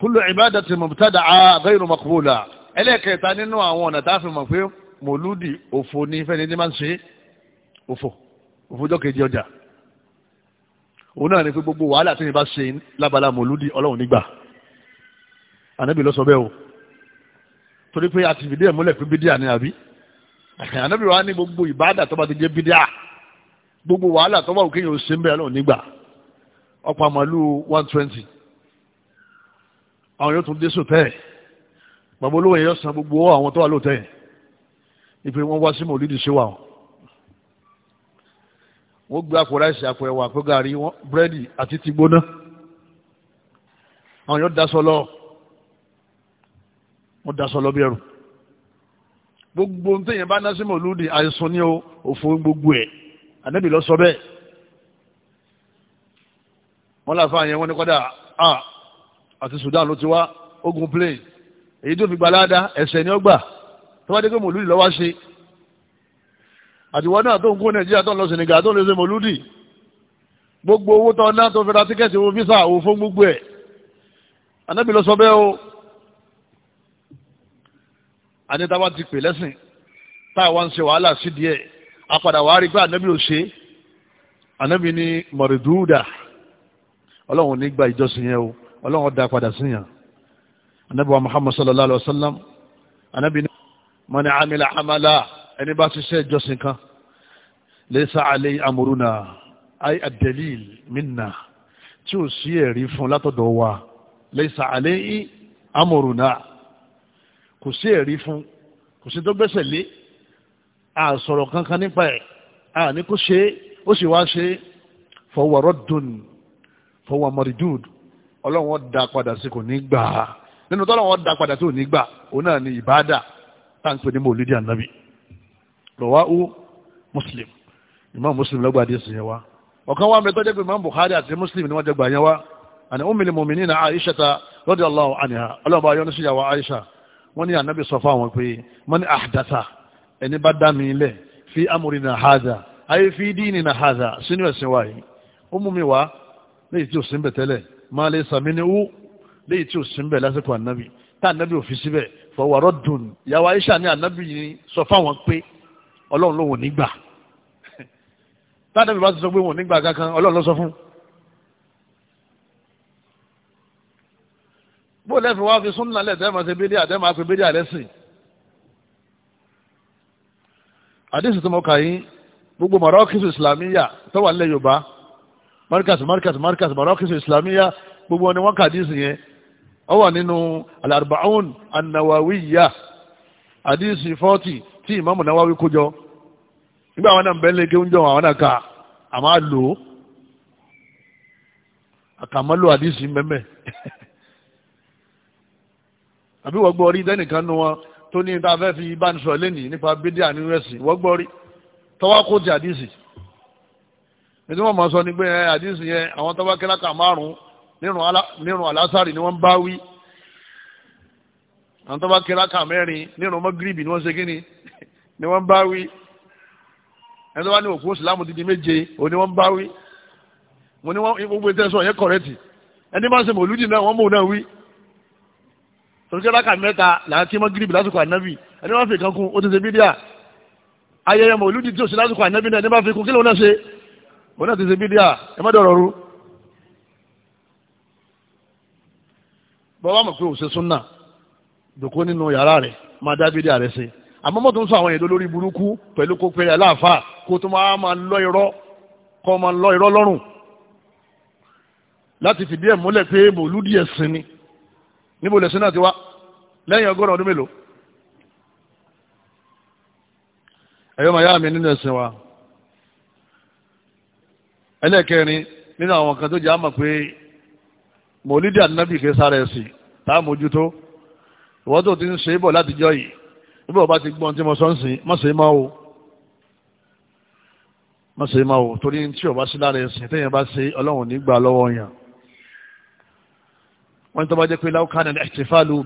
kullu ibadatin mubtada'a ghayru maqbula ẹlẹ́ẹ̀kẹta nínú àwọn ọ̀nà tá a fi mọ̀ pé mòlúdì òfò ní fẹ́ni tí máa ń ṣe òfò òfòjọ́ kejì ọjà òun náà ni pé gbogbo wàhálà tí mi bá ṣe lábala mòlúdì ọlọ́run nígbà ànábì ló sọ bẹ́ẹ̀ o torí pé a ti fìdí ẹ̀ múlẹ̀ pé bídíà ni àbí ànábì wa ní gbogbo ìbáàdà tó bá ti jẹ́ bídíà gbogbo wàhálà tó bá òkèèyàn ṣe ń bẹ́ẹ̀ ọlọ́run nígbà ọ̀pọ̀ àmàlú one twenty àwọn yóò tún dé sòtẹ́ẹ̀ bàbá olówó yẹn yọ san gbogbo àwọn tó wà lóòótọ́ yẹn ìpè wọn wá sí mòlídìí sí wa o wọ́n gbé àpò ráìsì àpò ẹ̀wà àpò gàrí búrẹ́dì àti ti gbóná àwọn yóò daṣọ lọ wọ́n daṣọ lọ bí ẹrù gbogbo ntẹ yẹn bá ná sí mòlúdi àìsàn ni o òfò gbogbo ẹ ànábì lọ sọ bẹ́ẹ̀ wọ́n làfà yẹn wọ́n ní kọ́dà a ah, àti Sudan ló ti wá ogun plane èyí tó fi gba aláda ẹ̀sẹ̀ ni ó gbà tó bá dé pé mòlúdì lọ́wọ́ ṣe àtiwọ́n náà tó ń kó nàìjíríà tó ń lọ sẹ̀nìgà tó ń lọ sí mòlúdì gbogbo owó tó ná tó fi ra tíkẹ́ẹ̀tì owó físà owó fún gbogbo ẹ̀ anábì lọ sọ bẹ́ẹ̀ o anítawá ti pè lẹ́sìn táà wá ń ṣe wàhálà sí díẹ̀ apàdà wàá rí pé anábì ò ṣe anábì ní mọ̀rìdúdà ọlọ́run ní gba ìjọsìn yẹn o ọlọ́run dá anábíwá muhammad sallallahu alaihi wasallam anábí ní mọ́ni amílà amálà ẹni bá ṣiṣẹ́ ìjọsìn kan lẹ́sà alẹ́ amúrúnà ay adelil minna tí ò sí ẹ̀rí fún látọ̀dọ̀ wa lẹ́sà alẹ́ amúrúnà kò sí ẹ̀rí fún kò sí tó gbẹ́sẹ̀ lé àsọ̀rọ̀ kankan nípa ẹ̀ àní kó ṣe ó sì wá ṣe fọwọ́ rọ́dùn fọwọ́ mọ̀rìdùd ọlọ́run dá padà sí kò ní gbà nínú tọ́lọ̀ wọn da padà tó ní gbà òun náà ni ìbáàdà táǹpé ní mòlídìí ànábì lọ́wọ́ ó muslim imam muslim lọ́gbà dé sìn yẹn wa ọ̀kan wá mẹ́tọ́ jẹ́ pé imam bukhari àti muslim ni wọ́n jẹ́ gbà yẹn wa àni ummil mu'minina aisha ta radiyallahu anha ọlọ́ọ̀bá yọ́nú sí yàwó aisha wọ́n ní ànábì sọ fáwọn pé man ahdatha ẹni bá dá mi lẹ̀ fi amrina hadha ayé fi dinina hadha sínú ẹ̀sìn wáyé ó mú mi wá léyìí tí ò sí ń bẹ̀ tẹ́lẹ̀ ma laysa minhu léyìí tí ò sí mbẹ lásìkò ànábì tá ànábì ò fi síbẹ̀ fọwọ́rọ́ dùn ìyàwó Aisha ní ànábì yìí sọ fáwọn pé ọlọ́run ló wò nígbà tá ànábì bá ti sọ pé wò nígbà kankan ọlọ́run ló sọ fún. bó lẹ́fìn wá fi súnmọ́ lẹ̀ tẹ́ máa ṣe bídí àtẹ́ máa pe bídí àlẹ́sìn. àdéhùn tó mọ kà gbogbo mọ̀rọ́kìsù ìsìlámíyà tó wà nílẹ̀ Yorùbá mọ́ríkàsì mọ́ríkàsì mọ́ríkàsì mọ̀rọ́kìsù ìsìlámíyà gbogbo wọn kà díìsì yẹn ó wà nínú al-arba'un an-nawawiyya àdísì fọ́tì tí ìmáàmù Nawawi kójọ nígbà àwọn náà bẹ́ẹ̀ léke oúnjẹ àwọn náà ka àmọ́ àlò àkàmọ́lò àdísì mẹ́mẹ́ àbí wọ́n gbọ́ rí dẹ́nìkan nu wọn tó ní ta fẹ́ fi bá ń sọ lẹ́nìí nípa bídíà ní rẹ́sì wọ́n gbọ́ rí tọ́wọ́ kó ti àdísì ètò wọn mọ̀ sọ ni pé yẹn àwọn tọ́wọ́ kẹ́láka nírun alásàrì ni wọ́n bá wí àwọn tó bá kíra kà mẹ́rin nírun mọ́gírìbì ni wọ́n ṣe kí ni ni wọ́n bá wí ẹni tó bá ní òkú ìsìlámù dídí méje òun ni wọ́n bá wí mo ní wọ́n gbogbo ètò ẹ̀sọ́ yẹn kọ̀rẹ́tì ẹni máa ń ṣe mòlúdì náà wọ́n mò náà wí torí kíra kà mẹ́ta làwọn kí mọ́gírìbì lásìkò ànábì ẹni máa fi kan kún ó ti ṣe bídíà ayẹyẹ mòlúdì tí ò bọ́wá mọ̀ pé òṣè súnà jòkó nínú yàrá rẹ̀ máa dábìdì ààrẹ ṣe àmọ́ mọ́tò ń sọ àwọn èdè olórí burúkú pẹ̀lú kó pẹ̀lú aláàfáà kó tó máa máa lọ irọ́ kó máa lọ irọ́ lọ́rùn láti fìdí ẹ̀ múlẹ̀ pé ni níbo náà ti wá lẹ́yìn ọgọ́rùn ọdún mélòó ẹ̀yọ́ yá mi nínú wa nínú àwọn mòlídì ànábì kì í sára ẹ̀sìn tá a mójútó ìwọ́n tó ti ń ṣe é bọ̀ látijọ́ yìí nígbà wọ́n bá ti gbọ́n tí mo sọ ń sìn má ṣe é má o má ṣe é má o torí tí o bá sí lára ẹ̀sìn téèyàn bá ṣe ọlọ́run nígbà lọ́wọ́ yàn wọ́n tó bá jẹ́ pé láwùkánà ẹ̀tìfàlù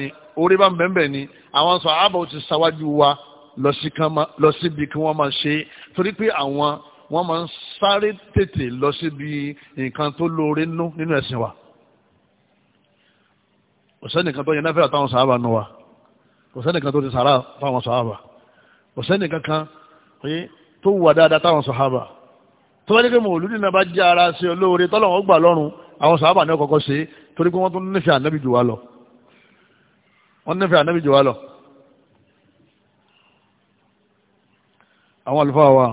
ní orí bá ń bẹ̀ẹ̀ ni àwọn sọ àbọ̀ ti ṣáwájú wa lọ síbi kí wọ́n máa ṣe torí pé àwọn wọ́n máa ń sáré tètè lọ síbi nǹkan tó lóore nú nínú ẹ̀sìn wa kò sẹ́nìkan tó yẹn náà fẹ́ràn táwọn sàábà nù wa kò sẹ́nìkan tó ti sàárà fáwọn sàábà kò sẹ́nìkan kan tó wà dáadáa táwọn sàábà tó bá dégbé mòlúdì náà bá jẹ́ ara ṣe olóore tọ́lọ́wọ́n gbà lọ́rùn àwọn sàábà ní ọkọ̀ọ̀kọ̀ ṣe torí pé wọ́n tún nífẹ̀ẹ́ ànábì jù lọ wọ́n nífẹ̀ẹ́ ànábì jù lọ àwọn àlùfáà wa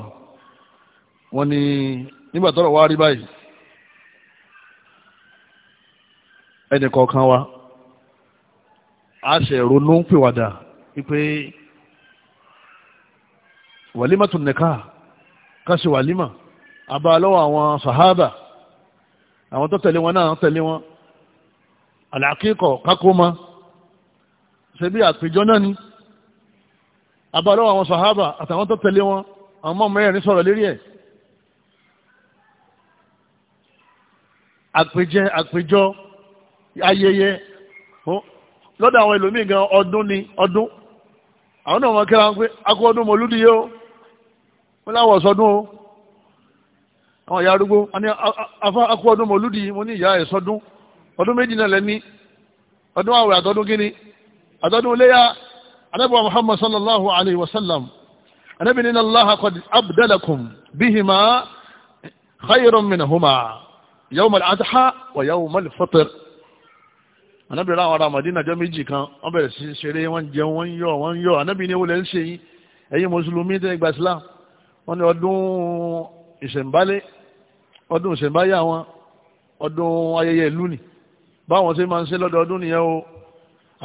wọ́n ní nígbà tọ́rọ̀ wá rí báyìí ẹnì kọ̀ọ̀kan wa a ṣe ronú pìwàdà wípé wàlímà tún nìka ká ṣe wàlímà abá lọ́wọ́ àwọn sàhábà àwọn tó tẹ̀lé wọn náà tẹ̀lé wọn àlàkíkọ̀ kákó ma ṣe bí àpèjọ náà ni abáàlọ́wọ́ àwọn sàhábà àtàwọn tó tẹ̀lé wọn àwọn mọ́ mẹ́rin sọ̀rọ̀ lérí ẹ̀ àpèjẹ àpèjọ ayẹyẹ lọ́dọ̀ àwọn ẹlòmíì gan ọdún ni ọdún àwọn náà wọ́n kíra pé akọ ọdún mọ̀lúdì yìí ó wọ́n láwọ̀ sọdún o àwọn ìyá arúgbó a ní afá akọ ọdún mọ̀lúdì mo ní ìyá ẹ̀ sọdún ọdún méjì náà lẹ́ni ọdún àwẹ̀ àtọdún kíni àtọdún iléyà anábíwá muhammad sallallahu alayhi wa sallam anábí nínú allaha qad abdalakum bihima khayran minhuma yawm al-adha wa yawm al-fitr anábí láwọn ará madina jọ méjì kan wọ́n bẹ̀rẹ̀ sí ṣeré wọ́n jẹun wọ́n yọ wọ́n yọ anábí ní wọlé ń ṣe yín ẹ̀yin mùsùlùmí tẹ́ gba islam wọ́n ní ọdún ìṣẹ̀ǹbálé ọdún ìṣẹ̀ǹbáyà wọn ọdún ayẹyẹ ìlú ni báwọn ṣe máa ń ṣe lọ́dọọdún nìyẹn o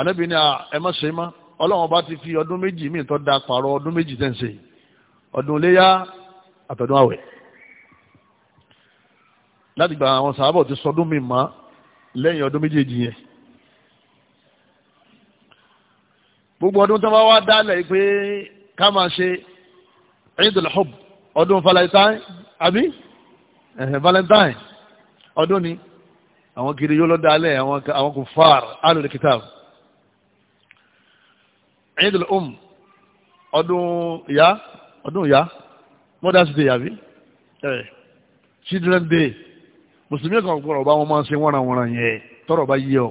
anábí ní ẹ má ṣe máa ọlọ́run bá ti fi ọdún méjì míì tó da pààrọ̀ ọdún méjì tẹ̀ ń ṣe ọdún iléyà àtọ̀dún àwẹ̀ láti gba àwọn sàábọ̀ ti sọdún mi mọ́ lẹ́yìn ọdún méjèèjì yẹn gbogbo ọdún tó bá wá dálẹ̀ pé ká máa ṣe Eidul ọdún valentine àbí valentine ọdún ni àwọn kiri yóò lọ dálẹ̀ àwọn kò far alùlẹ̀ kìtàbù Eidul Um, ọdún ya, ọdún ya, Mother's Day àbí eh. Children's Day mùsùlùmí kan gbọ́dọ̀ bá wọn máa ń ṣe wọ́nranwọ́nran yẹn tọrọ bá yẹ ọ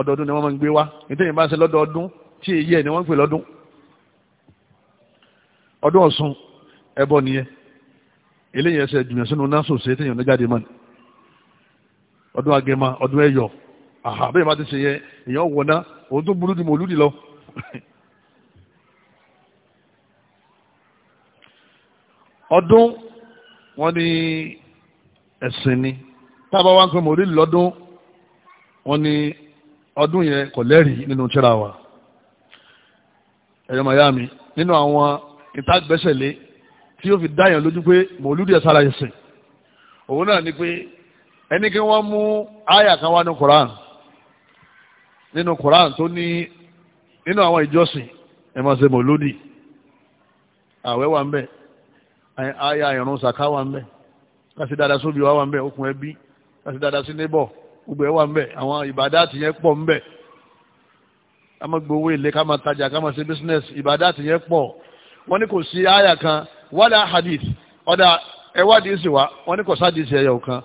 ọdọọdún ni wọ́n máa ń gbé wá nítorí ìbá ṣe lọ́dọọdún tí èyí ẹ̀ ni wọ́n ń pè lọ́dún ọdún Ọ̀ṣun ẹbọ nìyẹn eléyìí ẹsẹ̀ jùmọ̀ sínú náà sòsè téèyàn ní jáde mọ́ni ọdún Agẹmọ ọdún Ẹ̀yọ̀ àhà bẹ́ẹ̀ bá ti ṣe yẹ èèyàn wọ̀ ná òun tó burú ju mòlúdi ọdún wọn ni Ẹsìn ni tábà wá ń pè mọ̀ orí lọ́dún wọn ni ọdún yẹn kò lẹ́rìí nínú tírà wa ẹ̀yọ́ mi nínú àwọn ìtagbẹ́sẹ̀lé tí yóò fi dáyàn lójú pé mòlúdì ẹ̀sára ẹ̀sìn òun náà ni pé ẹni kí wọ́n mú àyà kan wá ní Koran nínú Koran tó ní nínú àwọn ìjọsìn ẹ máa ṣe mòlódì àwẹ̀ wà ń bẹ aya ìrun sàká wà ń bẹ káṣí dáadáa sóbi wà wà ń bẹ okùn ẹbí káṣí dáadáa sí nébọ̀ gbogbo ẹ wà ń bẹ àwọn ìbàdá tìyẹn pọ̀ ń bẹ ká máa gbowó èlé ká máa tajà ká máa ṣe business ìbàdá tìyẹn pọ̀ wọ́n ní kò sí aya kan wàlá hadith ọ̀dà ẹwádìí sì wá wọ́n ní kò sádìsì ẹyọ kan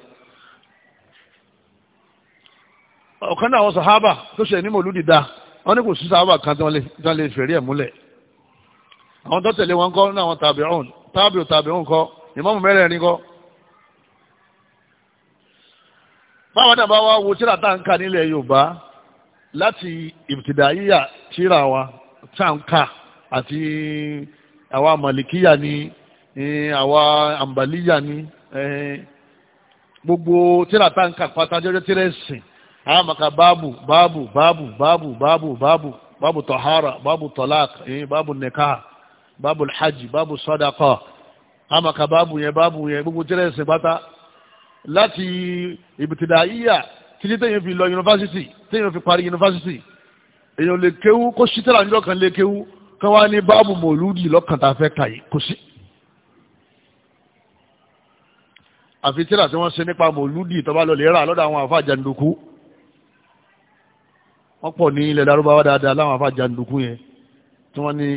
ọ̀kan náà àwọn sàhábà tó ṣe ní mòlúdì dáa wọ́n ní kò sí sábà kan tí wọ́n lè fèrè ẹ̀ múlẹ̀ àwọn tó tẹ̀lé wọn kọ́ ní àwọn tàbí ọ̀hún tàbí tàbí ọ̀hún kọ́ ìmọ̀mù mẹ́rẹ̀ẹ̀rin kọ́. báwa náà bá wá wo tíra tá à ń kà nílẹ̀ Yorùbá láti ìbùtìdáyíyà tíra wa tá à ń kà àti àwa màlìkíyà ni àwa àǹbàlíyà ni gbogbo tíra tá à ń kà pátá jẹ́jẹ́ tíra ẹ̀sìn a maka babu babu babu babu babu babu babu tahara babu talak, eh babu nikah babu alhajj babu sadaqa a maka babu yẹn babu yẹn gbogbo jẹ́rẹ̀ ẹ̀sìn pátá láti ibtidaiya títí téèyàn fi lọ yunifásitì téèyàn fi parí yunifásitì èèyàn lè kéwú kó sítẹ́rà níjọ́ kan lè kéwú kan wá ní báàbù mòlúdì lọ́kàn tá a fẹ́ kàyí kò sí. tí wọ́n ṣe nípa mòlúdì tó bá lọ lè àwọn àfa àjàǹdùkú wọ́n pọ̀ ní ilẹ̀ Lárúbáwá dáadáa láwọn afá jàǹdùkú yẹn tí wọ́n ní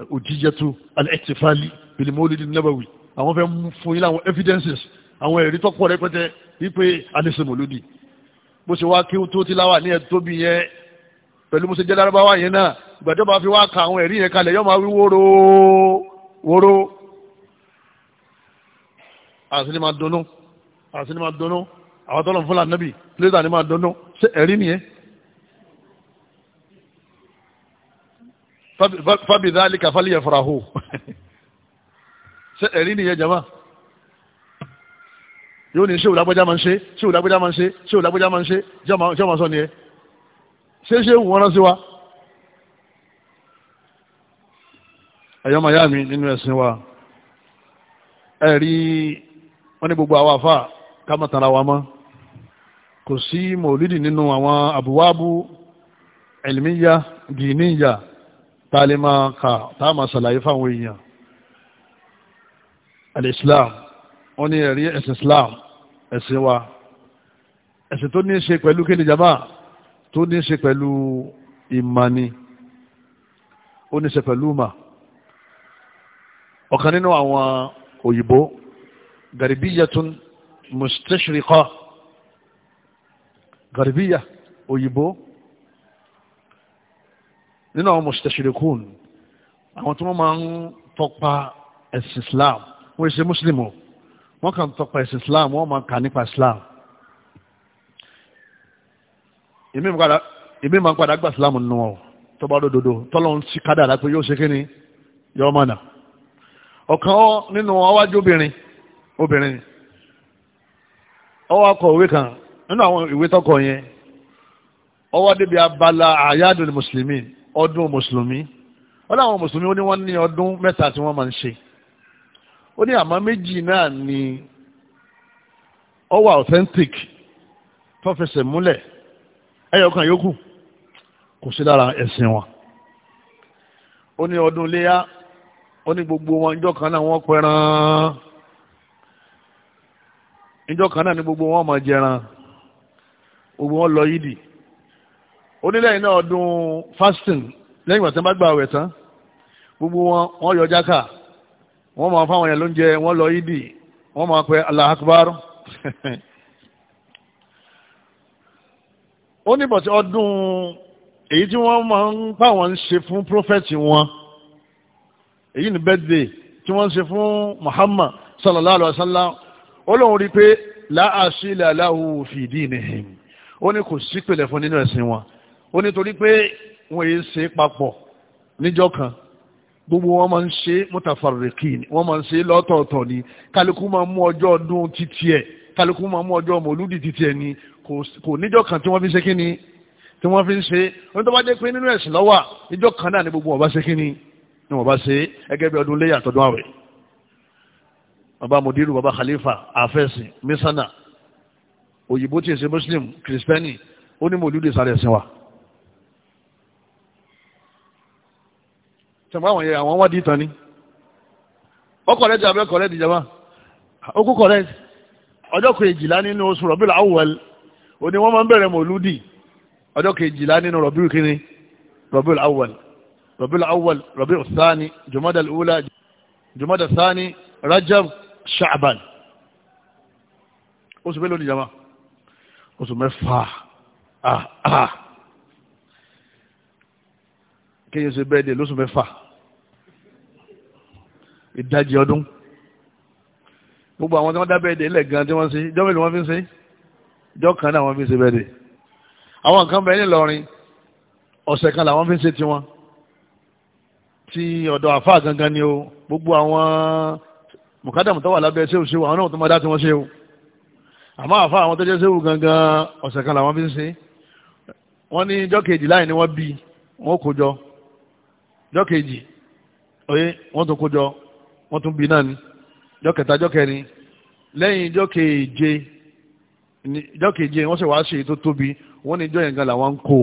eh, òjíjẹ́tú al-ihtifali bilimolidi nabawi àwọn fẹ́ fún yín láwọn evidences àwọn ẹ̀rí tọ́pọ̀ rẹpẹtẹ wípé alẹ́sẹ̀mọ̀lódì bó ṣe wá kí ó tó ti láwà ní ẹ̀tọ́ bí yẹn pẹ̀lú bó ṣe jẹ́ Lárúbáwá yẹn náà ìgbàjọba fi wá ka àwọn ẹ̀rí yẹn kalẹ̀ yọ́ máa wí wóró wóró àti máa dunnú àti máa dunnú àwọn tọ́lọ̀ fúnlá fábì dálíkà fálíyà faraho ṣe ẹ̀rí nìyẹn jama yóò ní ṣé òlágbájá máa ń ṣe ṣé òlágbájá máa ń ṣe ṣé òlágbájá máa ń ṣe ṣé ọmọ sọ ni ẹ ṣé ṣé wọ́n rán sí wa ẹ̀yọ́ màá yá mi nínú ẹ̀sìn wa ẹ̀rí wọ́n ní gbogbo àwọn àfà ká má tara wa mọ́ kò sí mòlídì nínú àwọn àbúwábù ẹ̀lìmíyà dìníyà tá a lè máa kà tá a máa ṣàlàyé fáwọn èèyàn alìsílám wọ́n ní ẹ̀rí ẹ̀sìn islam ẹ̀sìn wa ẹ̀sìn tó ní í ṣe pẹ̀lú kí ni jama tó ní í ṣe pẹ̀lú ìmánì ó ní í ṣe pẹ̀lú mà ọ̀kan nínú àwọn òyìnbó garibiyatun mustashriqa garibiya òyìnbó nínú àwọn mustashirikun àwọn tí wọ́n máa ń tọpa ẹ̀sìn islam wọ́n ṣe muslim o wọ́n kàn tọpa ẹ̀sìn islam wọ́n máa kà nípa islam èmi máa ń padà gba islam nínú wọn tó bá dòdòdò tọ́lọ́ ń sí kádàrá pé yóò ṣe kí ni yóò mọ̀nà ọ̀kan nínú ọwájú obìnrin obìnrin ọwọ́ akọ ìwé kan nínú àwọn ìwé tọkọ yẹn ọwọ́ débi abala àyádùn mùsùlùmí ọdún mùsùlùmí ó láwọn mùsùlùmí ó ní wọ́n ní ọdún mẹta tí wọ́n máa ń ṣe ó ní àmọ́ méjì náà ni ó authentic múlẹ̀ ẹyọkan yòókù kò sí lára ẹ̀sìn wọn ó ní ọdún iléyà ó ní gbogbo wọn ìjọ náà wọ́n pẹran ìjọ náà gbogbo wọn máa jẹran gbogbo wọn onílẹ̀yìn náà ọdún fasting lẹ́yìn ìgbà tí wọ́n bá gbà wẹ̀ tán gbogbo wọn wọ́n yọ jáka wọ́n máa fáwọn yẹn lóúnjẹ wọ́n lọ yídì wọ́n máa pẹ́ Allah akbar ó ní bọ̀tí ọdún èyí tí wọ́n máa ń pàwọn ń ṣe fún prọfẹ̀tì wọn èyí ni birthday tí wọ́n ń ṣe fún Muhammad sallallahu alaihi wa sallam ó lóun rí i pé láàṣìlẹ̀ aláwo fìdí nìyẹn ó ní kò sí pèlè fún nínú ẹ̀sìn wọn ó nítorí pé wọ́n yìí ṣe papọ̀ níjọ́ kan gbogbo wọn máa ń ṣe mutafarriqin wọ́n máa ń ṣe lọ́tọ̀ọ̀tọ̀ ni kálukú máa mú ọjọ́ ọdún títí ẹ̀ kálukú máa mú ọjọ́ mòlúdì títí ẹ̀ ni kò níjọ́ kan tí wọ́n fi ṣe kí ni tí wọ́n fi ń ṣe wọ́n tó bá dé pé nínú ẹ̀sìn lọ́wọ́ níjọ́ kan náà ni gbogbo wọn bá ṣe kí ni ni wọ́n bá ṣe ẹgẹ́ bí ọdún léyà tọdún àwẹ̀ baba mudiru baba khalifa afẹ́sìn mísánà òyìnbó tí ì ṣe muslim kìrìsìtẹ́nì ó ní mòlúdì sáré ẹ̀sìn wa tẹ̀mọ́ àwọn yẹn àwọn wádìí tán ni ó kọ̀rẹ́tì abẹ́ kọ̀rẹ́tì jama ó kú kọ̀rẹ́tì ọjọ́ kejìlá nínú oṣù rọ̀bìlà awwal òní wọ́n máa ń bẹ̀rẹ̀ mọ̀lúdì ọjọ́ kejìlá nínú rọ̀bìlù kínní rọ̀bìlù awwal rọ̀bìlù awwal rọ̀bìlù sáni jùmọ́dà lùlá jùmọ́dà sáni rajab sha'ban oṣù mélòó ni jama oṣù mẹ́fà ah ah kéye ṣe bẹ́ẹ̀ dé lóṣù mẹ́fà ìdajì ọdún gbogbo àwọn tí wọ́n dá bẹ́ẹ̀ dé ilẹ̀ gan tí wọ́n ṣe ìjọ mélòó wọ́n fi ń ṣe ìjọ kan náà wọ́n fi ń ṣe bẹ́ẹ̀ dé àwọn nǹkan bẹ́ẹ̀ nílọrin ọ̀sẹ̀ kan làwọn fi ń ṣe tiwọn ti ọ̀dọ̀ àfáà gangan ni o gbogbo àwọn mùkádàmù tó wà lábẹ́ ṣéwù ṣéwù àwọn náà tó máa dá tiwọn ṣéwù àmọ́ àfáà àwọn tó jẹ́ ṣéwù gangan ọ̀sẹ̀ kan làwọn fi ṣe wọ́n ní ìjọ kejìlá wọ́n bí jọ jọ́kejì oyé wọ́n tún kójọ wọ́n tún bí náà ni jọ́kẹta jọ́kẹrin lẹ́yìn jọ́keje jọ́keje wọ́n sì wá ṣe tó tóbi wọ́n ní jọ́ yẹn gan làwọn ń kó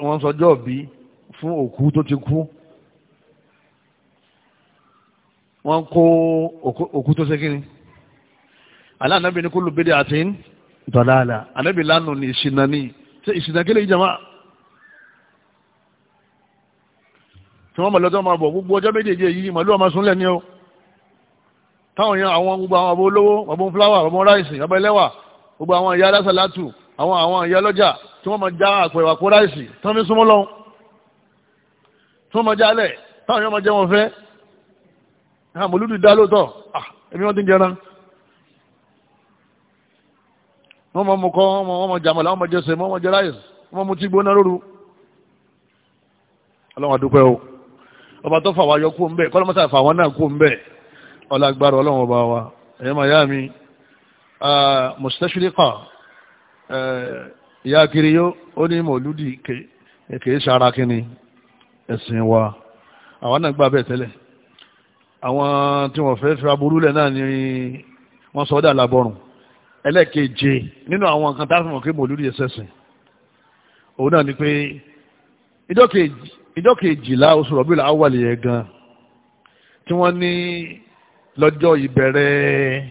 wọ́n sọ jọ́ọ̀bí fún òkú tó ti kú wọ́n kó òkú tó ṣe kíni aláàánábì ní kó lùbédè àti ìtọ́lá àlà ànábì lánàá ní ìṣìnà ní ìṣìnà kílẹ̀ ìjàmbá. tí wọ́n mọ̀ lọ́tọ́ máa bọ̀ gbogbo ọjọ́ méjèèjì yìí màálù ọmọ súnlẹ̀ ni ó táwọn èèyàn àwọn gbogbo àwọn abó olówó ọbọ̀ fúláwà ọbọ̀ ráìsì ọbẹ̀ lẹ́wà gbogbo àwọn ìyá alásàlátù àwọn àwọn ìyá lọ́jà tí wọ́n mọ̀ já àpò ìwà kó ráìsì tí wọ́n fi súnmọ́ lọ́hùn tí wọ́n mọ̀ já alẹ̀ táwọn èèyàn mọ̀ jẹ́ wọn fẹ́ àwọn mòlúdù dá lóòótọ́ ah, ẹbí wọ́n ti ń jẹ ọlọ́run àdúpẹ́ o ọba tó fà wá yọ kó ń bẹ kọ́lọ́mọ́sá fà wọn náà kó ń bẹ ọlágbára ọlọ́run ọba wa ẹ̀yẹ́ màyá mi mustashriqa ìyá kiri yó ó ní mọ̀lúdì kìí sara kíni ẹ̀sìn wa àwọn náà gbà bẹ́ẹ̀ tẹ́lẹ̀ àwọn tí wọ́n fẹ́ fi aburú lẹ̀ náà ni wọ́n sọ ọ́ dà lábọ́rùn ẹlẹ́ẹ̀keje nínú àwọn nǹkan tá a fi mọ̀ pé mọ̀lúdì ẹ̀sẹ̀sìn òun náà ni pé ìjọ́ kejì ìjọ́ kejìlá oṣù rọ̀bí làwọ̀lì yẹn gan tí wọ́n ní lọ́jọ́ ìbẹ̀rẹ̀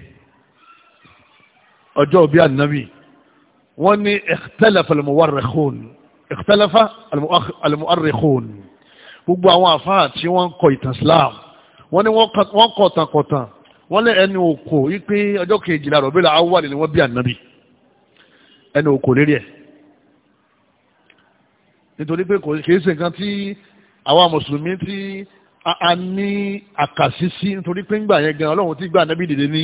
ọjọ́ òbí ànábì wọ́n ní ikhtalafa al-muwarrikhun ikhtalafa al-muwarrikhun gbogbo àwọn àfáà tí wọ́n ń kọ ìtàn Islam wọ́n ní wọ́n kọ tànkọ̀tàn wọ́n lé ẹni òkò yí pé ọjọ́ kejìlá rọ̀bí làwọ̀lì ni wọ́n bí ànábì ẹni òkò lérí ẹ̀ nítorí pé kìí ṣe nǹkan tí àwa mùsùlùmí tí a ní àkàsí sí nítorí pé ńgbà yẹn gan ọlọ́run ti gbà nábì dìde ní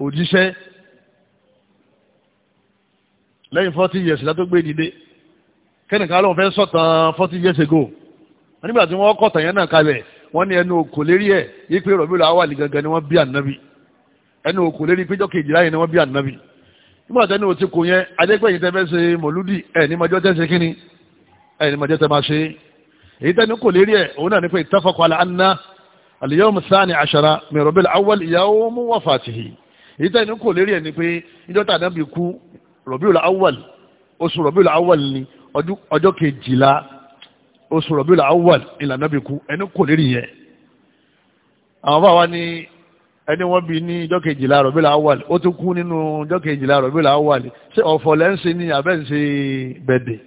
òjíṣẹ́ lẹ́yìn forty years látó gbé dìde kẹ́nìkan ọlọ́run fẹ́ sọ̀tàn forty years ago nígbà tí wọ́n kọ̀tàn yẹn náà kalẹ̀ wọ́n ní ẹnu òkò lérí ẹ̀ yí pé rọ̀bí làwọn àlè gangan ni wọ́n bí ànábì ẹnu òkò lérí péjọ́ kejìlá yẹn ni wọ́n bí ànábì nígbà tẹ́ni òtí kò yẹn adégbẹ̀yìn ẹni mọ̀ jẹ́sẹ̀ máa ṣe èyí tẹ́ni kò lérí ẹ̀ òun náà ní pé ittafaqu ala anna al-yawm ath-thani 'ashara min Rabi'il awwal yawm wafatihi èyí tẹ́ni kò lérí ẹ̀ ní pé ìjọ tá ànábì kú Rabi'il awwal oṣù Rabi'il awwal ni ọjọ́ kejìlá oṣù Rabi'il awwal ìlànà ànábì kú ẹni kò lérí yẹn àwọn bá wa ní ẹni wọ́n bí ní ọjọ́ kejìlá Rabi'il awwal ó tún kú nínú ọjọ́ kejìlá Rabi'il awwal ṣé ọ̀fọ̀ lẹ́ ń ṣe bẹ̀dẹ̀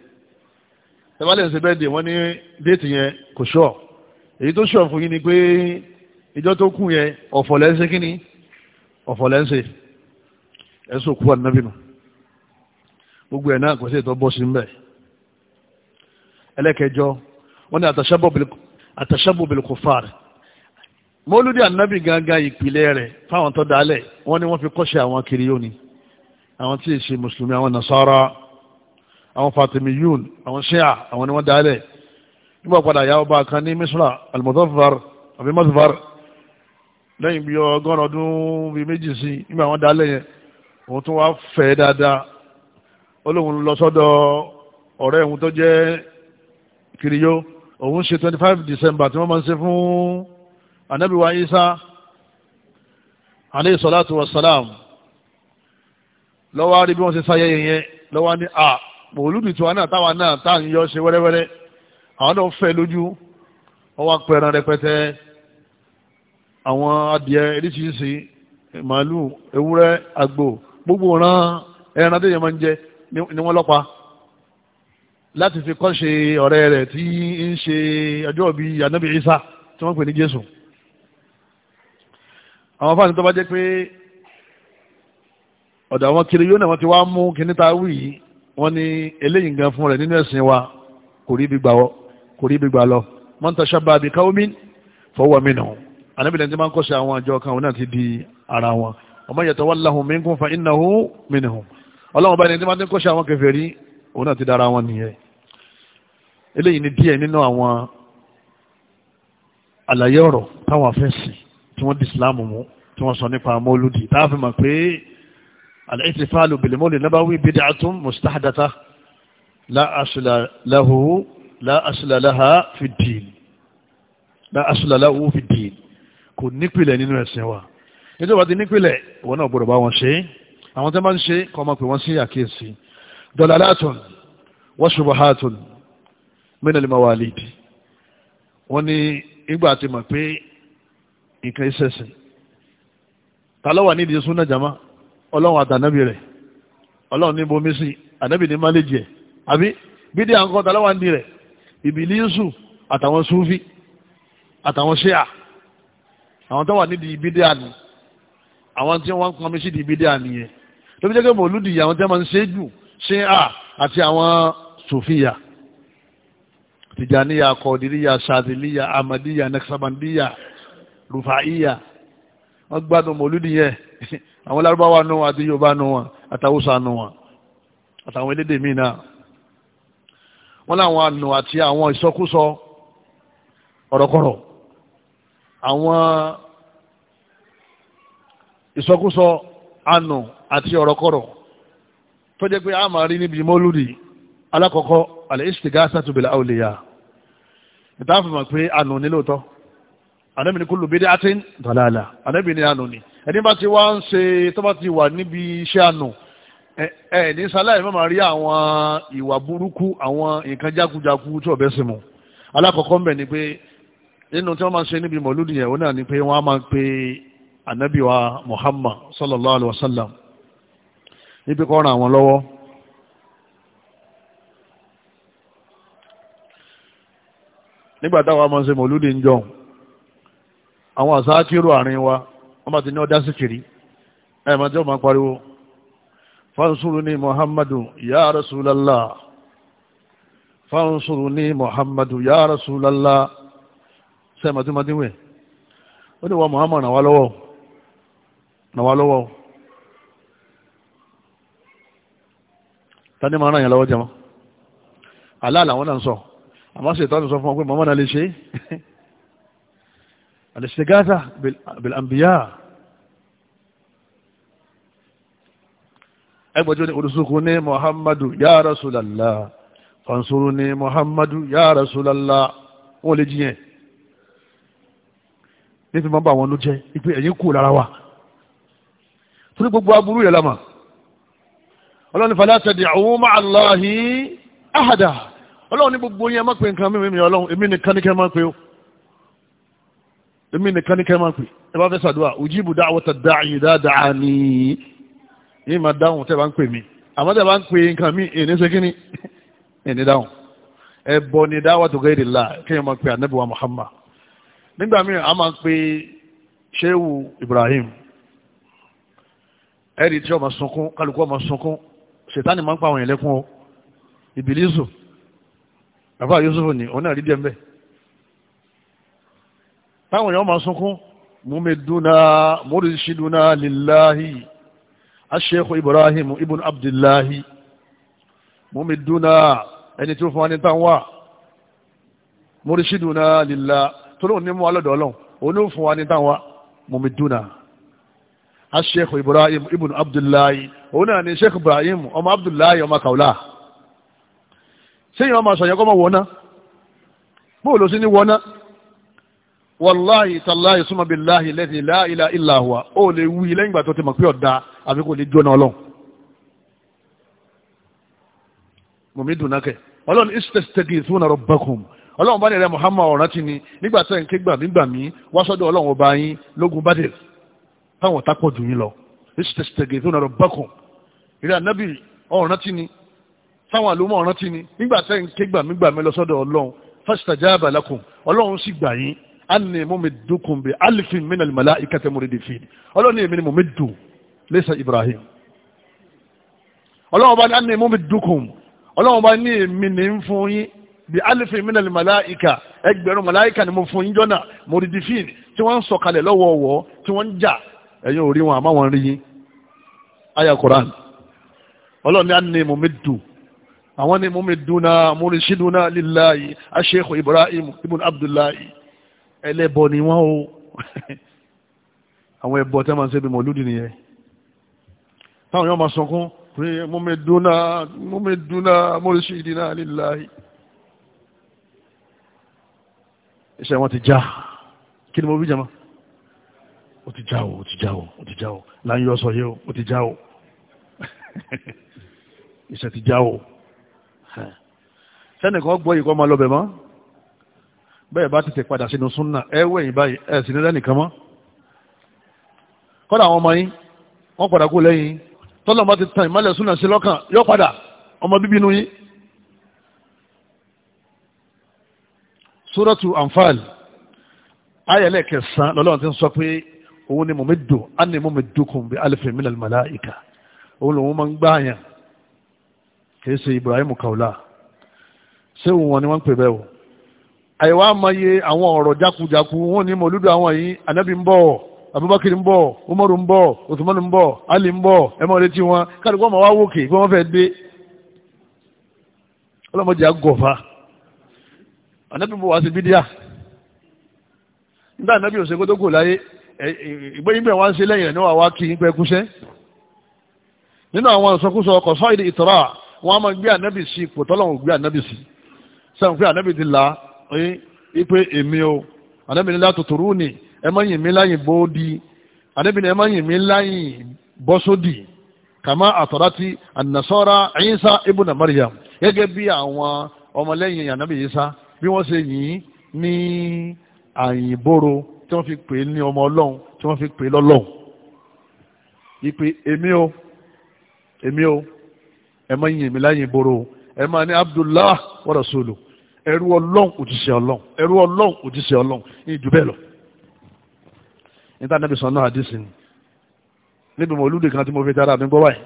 tẹ́wá lè ṣe bẹ́ẹ̀ dè wọ́n ní déètì yẹn kò ṣọ́ èyí tó ṣọ̀ fún yín ni pé ìjọ tó kù yẹn ọ̀fọ̀ lẹ́ ń ṣe kíni ọ̀fọ̀ lẹ́ ń ṣe ẹ̀ sọ kú ànábìnú gbogbo ẹ̀ náà kò sí ìtọ́ bọ́ sí mbẹ́ ẹlẹ́kẹjọ wọ́n ní àtàṣàbò bìlìkù fàr mọ́lúdì ànábì gangan ìpìlẹ̀ rẹ̀ fáwọn tó dálẹ̀ wọ́n ní wọ́n fi kọ́ṣẹ́ àwọn kiri yóni àwọn tí ì ṣe mùsùlùmí àwọn nasara àwọn fatimi yun àwọn shia àwọn ni wọ́n dálẹ̀ nígbà padà yà ọba kan ní misra almuzaffar àbí mazfar lẹ́yìn bí ọgọ́rùn ọdún bíi méjì sí nígbà wọ́n dálẹ̀ yẹn òun tún wá fẹ́ dáadáa olóhùn lọ sọ́dọ̀ ọ̀rẹ́ òun tó jẹ́ kiriyó òun ṣe twenty five december tí wọ́n máa ń ṣe fún anabiwa isa aleyhi salatu wa salam lọ́wọ́ á rí ṣe sáyẹ́ yẹn lọ́wọ́ ní a mòlúdì tiwa náà táwa náà tá à ń yọ ṣe wẹ́rẹ́wẹ́rẹ́ àwọn náà fẹ́ lójú wọ́n wá pẹran rẹpẹtẹ àwọn adìẹ eríṣiríṣi màálù ewúrẹ́ àgbò gbogbo ran ẹran tó yẹ máa ń jẹ ni wọ́n lọ́pa láti fi kọ́ ọ̀rẹ́ rẹ̀ tí ń ṣe ọjọ́ bíi anabi isa tí wọ́n pè ní jésù àwọn fáwọn tó bá jẹ́ pé ọ̀dọ̀ àwọn kiri yóò náà wọ́n ti wá mú kíní ta wí yìí wọ́n ní eléyìí gan fún rẹ̀ nínú ẹ̀sìn wa kò rí gbígbà wọ́ kò rí gbígbà lọ man tashabbaha bi qawmin fahuwa minhum anábìlẹ̀ tí máa ń kọ́sẹ̀ àwọn àjọ kan òun náà ti di ara wọn wa man yatawallahum minkum fa innahu minhum ọlọ́run bá ní tí máa ń kọ́sẹ̀ àwọn kèfèrí òun náà ti dára wọn nìyẹn eléyìí ni díẹ̀ nínú àwọn àlàyé ọ̀rọ̀ táwọn afẹ́sìn tí wọ́n di ìsìláàmù mú tí wọ́n sọ nípa mọ́lúdì táà fi mọ̀ pé الاحتفال بالمولد النبوي بدعة مستحدثة لا أصل له لا أصل لها في الدين لا أصل له في الدين kò nípìlẹ̀ nínú ẹ̀sìn wa nítorí wà ti nípìlẹ̀ ìwọ náà gbọ́dọ̀ bá wọn ṣe àwọn tó máa ń ṣe kọ́ máa pè wọ́n sí àkíyèsí dọ̀làlátùn wọ́ṣubahatùn mínàlímọ̀wálìdì wọ́n ní ìgbà àti mọ̀ pé nǹkan ìṣẹ̀sìn ta ló wà nídìí súnà jama ọlọ́run àtànábì rẹ̀ ọlọ́run ní bomi sí ànábì ní máléjì ẹ̀ àbí bídí à ń kọ́ taláwa ní rẹ̀ ìbílísù àtàwọn súfì àtàwọn ṣíà àwọn tó wà nídìí bídí àní àwọn tí wọ́n pọnmi sí di bídí àní yẹn tó fi jẹ́ pé mòlúdì àwọn tí wọ́n máa ń ṣe jù ṣíà àti àwọn sòfìyà tìjàníyà kọ̀ọ̀dìríyà ṣàdìlíyà amadíyà nẹ́kṣàbàndíyà rufaiya wọ́n gbádùn mòlúdì yẹn àwọn lárúbáwá nù wọn àti yorùbá nù wọn àtàwùsà nù wọn àtàwọn elédè míì náà wọn làwọn ànù àti àwọn ìsọkúsọ ọ̀rọ̀kọ̀rọ̀ àwọn ìsọkúsọ ànù àti ọ̀rọ̀kọ̀rọ̀ tó jẹ́ pé a máa rí níbi mọ́lúdì alákọ̀ọ́kọ́ àlẹ́ istighathatu bil awliya ìtàfihàn pé ànù ní lóòótọ́ ànábì ní kullu bid'atin dalala ànábì ní ànù ni ẹni bá ti wá ń ṣe tó bá ti wà níbi iṣẹ́ àánú ẹ ẹ ní sáláì má máa rí àwọn ìwà burúkú àwọn nǹkan jákujáku tí ọ̀bẹ sì mú alákọ̀ọ́kọ́ ń bẹ̀ ni pé nínú tí wọ́n máa ń ṣe níbi mọ̀lúdì yẹn òun náà ni pé wọ́n á máa pe anabi wa Muhammad sallallahu alayhi wa sallam níbi kọ́ ran àwọn lọ́wọ́. nígbà táwa máa ń ṣe mọ̀lúdì ń jọ àwọn àṣà kírò àárín wa wọ́n bá ti ní ọdá síkiri ẹ̀ máa jẹ́ ọmọ pariwo fansuruni muhammadu ya rasulallah fansuruni muhammadu ya rasulallah sẹ́mà tí ma dín wẹ̀ ó ní wa muhammad náà wá lọ́wọ́ náà wá lọ́wọ́ tani máa ràn lọ́wọ́ jẹ́ aláàlá wọn náà sọ àmọ́ ṣètọ́ sọ fún wọn pé muhammad الاستغاثة بالأنبياء ẹgbẹ̀jọ́ ni olùsùkú محمد يا رسول الله، fansuru محمد يا رسول الله wọ́n lè jíyàn nífi máa bá wọn ló jẹ́ ipé ẹ̀yìn kú lára wa torí gbogbo aburú yẹ̀ lámà ọlọ́ni fala tad'u ma'a Allahi ahada ọlọ́ni gbogbo yẹn má pè nǹkan mímí ọlọ́run èmi nìkan ní kẹ́ máa pè ó èmi nìkan ní kẹ́mà pè ẹ bá fẹ́ sàdúrà ujibu da'wata da'i idha da'ani yìí máa dáhùn tẹ́ bá ń pè mí àmọ́ tẹ́ bá ń pè nǹkan mí èyí ní ṣe kíní èyí ní dáhùn ẹ bọ̀ ní da'watu ghayri Allah kéèyàn máa pè ànábì wa Muhammad nígbà míì a máa pè Shehu Ibrahim ẹ̀rí tí ọmọ sunkún kálukú ọmọ sunkún ṣètánì máa ń pa àwọn yẹn lẹ́kún o Ìbílísù àfáà Yusuf ni òun náà rí díẹ̀ mbẹ́ẹ̀ táwọn èèyàn máa sunkún múmidúnà múrísídúnà lillahi aṣèkò ibrahim ibn abdullahi múmidúnà ẹni tí ó fún wa ní táwà múrísídúnà lillahi tó lóun ní mú alọ́dọ̀ ọlọ́run òun ló fún wa ní táwà múmidúnà aṣèkò ibrahim ibn abdullahi òun náà ni sheikh ibrahim ọmọ abdullahi ọmọ kaula sẹ́yìn ọmọ àṣàyàn kọ́ mọ̀ wọ́ná bóòlù sí ní wọ́ná wàláhì tàláhì súnmọ́ bí láhì lẹ́sìn láìlà ìlàhùwà ó lè wí lẹ́yìn ìgbà tó ti mọ̀ pé ọ̀dà àbí kò lè jóná ọlọ́run mọ̀mí dùn náà kẹ́ ọlọ́run ìṣẹ́sẹ́gì súnmọ́ rabbakum ọlọ́run bá nílẹ̀ Muhammad ọ̀rán ti ni nígbà tẹ́ ń ké gbàmí gbàmí wá sọ́dọ̀ ọlọ́run ọba yín lógun bá dé táwọn tápọ̀ jù yín lọ ìṣẹ́sẹ́gì súnmọ́ rabbakum ìrẹ́ ànábì ọ̀rán ti ni táwọn àlùmọ̀ ọ̀rán ti ni nígbà tẹ́ ń ké gbàmí gbàmí lọ sọ́dọ̀ ọlọ́run fastajaba lakum ọlọ́run sì gbà yín anni mumiddukum bi alifin min almalaikati muridifin ọlọ́ni èmi ni mumiddu lẹ́sà ibrahim ọlọ́wọ́n bá ní anni mumiddukum ọlọ́wọ́n bá ní èmi ni ń fún yín bi alifin min almalaika ẹgbẹ̀rún malaika ni mo fún yín jọ́nà muridifin tí wọ́n ń sọ̀kalẹ̀ lọ́wọ́ọ̀wọ́ tí wọ́n ń jà ẹ̀yin ò rí wọn àmọ́ wọn aya quran ọlọ́ni anni mumiddu àwọn ni mumiddu na murishidu na lillahi ibrahim ibn abdullahi ẹlẹ́bọ ni wọ́n o àwọn ẹbọ tí wọ́n máa ń ṣe bí mọ̀lúdì nìyẹn táwọn yóò máa sọkún pé mọ́mẹ́dúnà mọ́mẹ́dúnà mọ́rìṣìdínà líláì iṣẹ́ wọn ti já kí ni mo bí jama ó ti já o ó ti já o ó ti já o láyé ọsọ yìí o ó ti já o iṣẹ́ ti já o sẹ́nìkan gbọ́ yìí kọ́ máa lọ bẹ̀ mọ́ bẹ́ẹ̀ bá tètè padà sínú súnà ẹ wẹ̀yìn báyìí ẹ sì nílẹ̀ nìkan mọ́ kọ́dà àwọn ọmọ yín wọ́n padà kú lẹ́yìn tọ́lọ́ bá ti tan ìmọ̀lẹ̀ súnà sí lọ́kàn yọ padà ọmọ bíbí inú yín. Suratu Anfal ayẹlẹ kẹsàn lọ́lọ́run ti ń sọ pé òun ni mọ̀mẹ́dò á ní mọ̀mẹ́dòkùn bí alifin minal malaika òun lòun máa ń gbáàyàn kì í ṣe Ibrahim Kaula ṣé òun wọn ni wọ́n ń pè bẹ́ẹ̀ o àìwá amáyé àwọn ọ̀rọ̀ jákujàku wọ́n ní mọ̀lúdù àwọn yìí anábì ń bọ̀ abubakar ń bọ̀ umaru ń bọ̀ usman ń bọ̀ ali ń bọ̀ ẹmọ retí wọn káàdùkú ọmọ wa wòkè bí wọ́n fẹ́ dé ọlọ́mọdé àgọ̀fà anábì bọ̀ wá sí bídíà nígbà anábì òsèkó tó kù láyé ìgbóyin bẹ̀ wá ń ṣe lẹ́yìn rẹ̀ níwà wá kí ń pẹ́ kúṣẹ́ nínú àwọn ìsọkúsọ ọkọ̀ sọ́ọ̀dì ìtọ́ra wọn a máa gbé anábì sí ipò tọ́lọ́wọ̀n ẹ ipe èmi o ànábì ní látòtòrú ni ẹ má yìn mí láyìn bóódì ànábì ní ẹ má yìn mí láyìn bọ́sódì kàmá àtọ̀rátì ànàsọ́ra Ìsá ibùnà Maryam gẹ́gẹ́ bí àwọn ọmọlẹ́yìn ànábì Ìsá bí wọ́n ṣe yìn ní àyìnbóró tí wọ́n fi pè é ní ọmọ ọlọ́run tí wọ́n fi pè é lọ́lọ́run ipe èmi o èmi o ẹ má yìn mí láyìn bóró ẹ má ní Abdullah wa rasuluhu. ẹrú ọlọ́run òjíṣẹ́ ọlọ́run ẹrú ọlọ́run òjíṣẹ́ ọlọ́run ní ìjú lọ. níta níbi sọ náà àdìsí ni níbi mo lúdì kan tí mo fi dára mi gbọ́ báyìí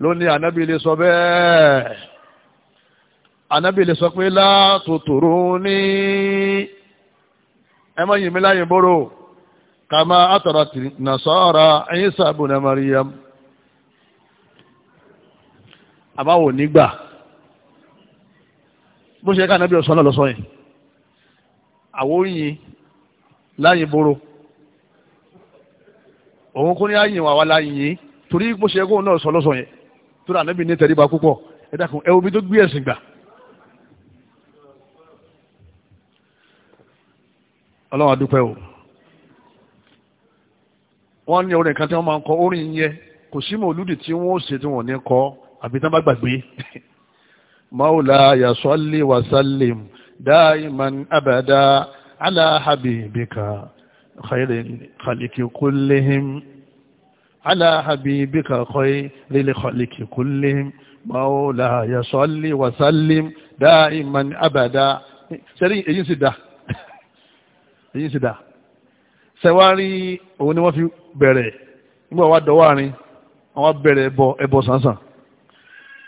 lónìí ànábì sọ bẹ́ẹ̀ ànábì sọ pé látòtòrò ní ẹ láyìn bóró ẹ̀yìn sàbùnà bó ṣe ká ànábì ọ̀sán náà lọ́sọ yẹn àwọn oyin láyìn boro òun kò ní àyìn wà wá láyìn yìí torí bó ṣe kóun náà sọ lọ́sọ yẹn tó rà ànábì ní tẹríba púpọ̀ ẹ dákun ẹ omi tó gbé ẹ̀sìn gbà. ọlọ́wọ́ adúpẹ́ o wọ́n ní orin kan tí wọ́n máa ń kọ orin yẹn kò sí mòlúdì tí wọ́n ó ṣe tí wọ́n ní kọ àbí tí wọ́n bá gbàgbé مولاي صل وسلم دائما أبدا على حبيبك خير الخلق كلهم على حبيبك خير الخلق كلهم مولاي صل وسلم دائما أبدا sẹ́rí èyí sì dá èyí sì dá sẹ́wárí òun ni wọ́n fi bẹ̀rẹ̀ nígbà wá dọ̀wọ́ àárín wọ́n bẹ̀rẹ̀ ẹbọ ẹbọ sánsan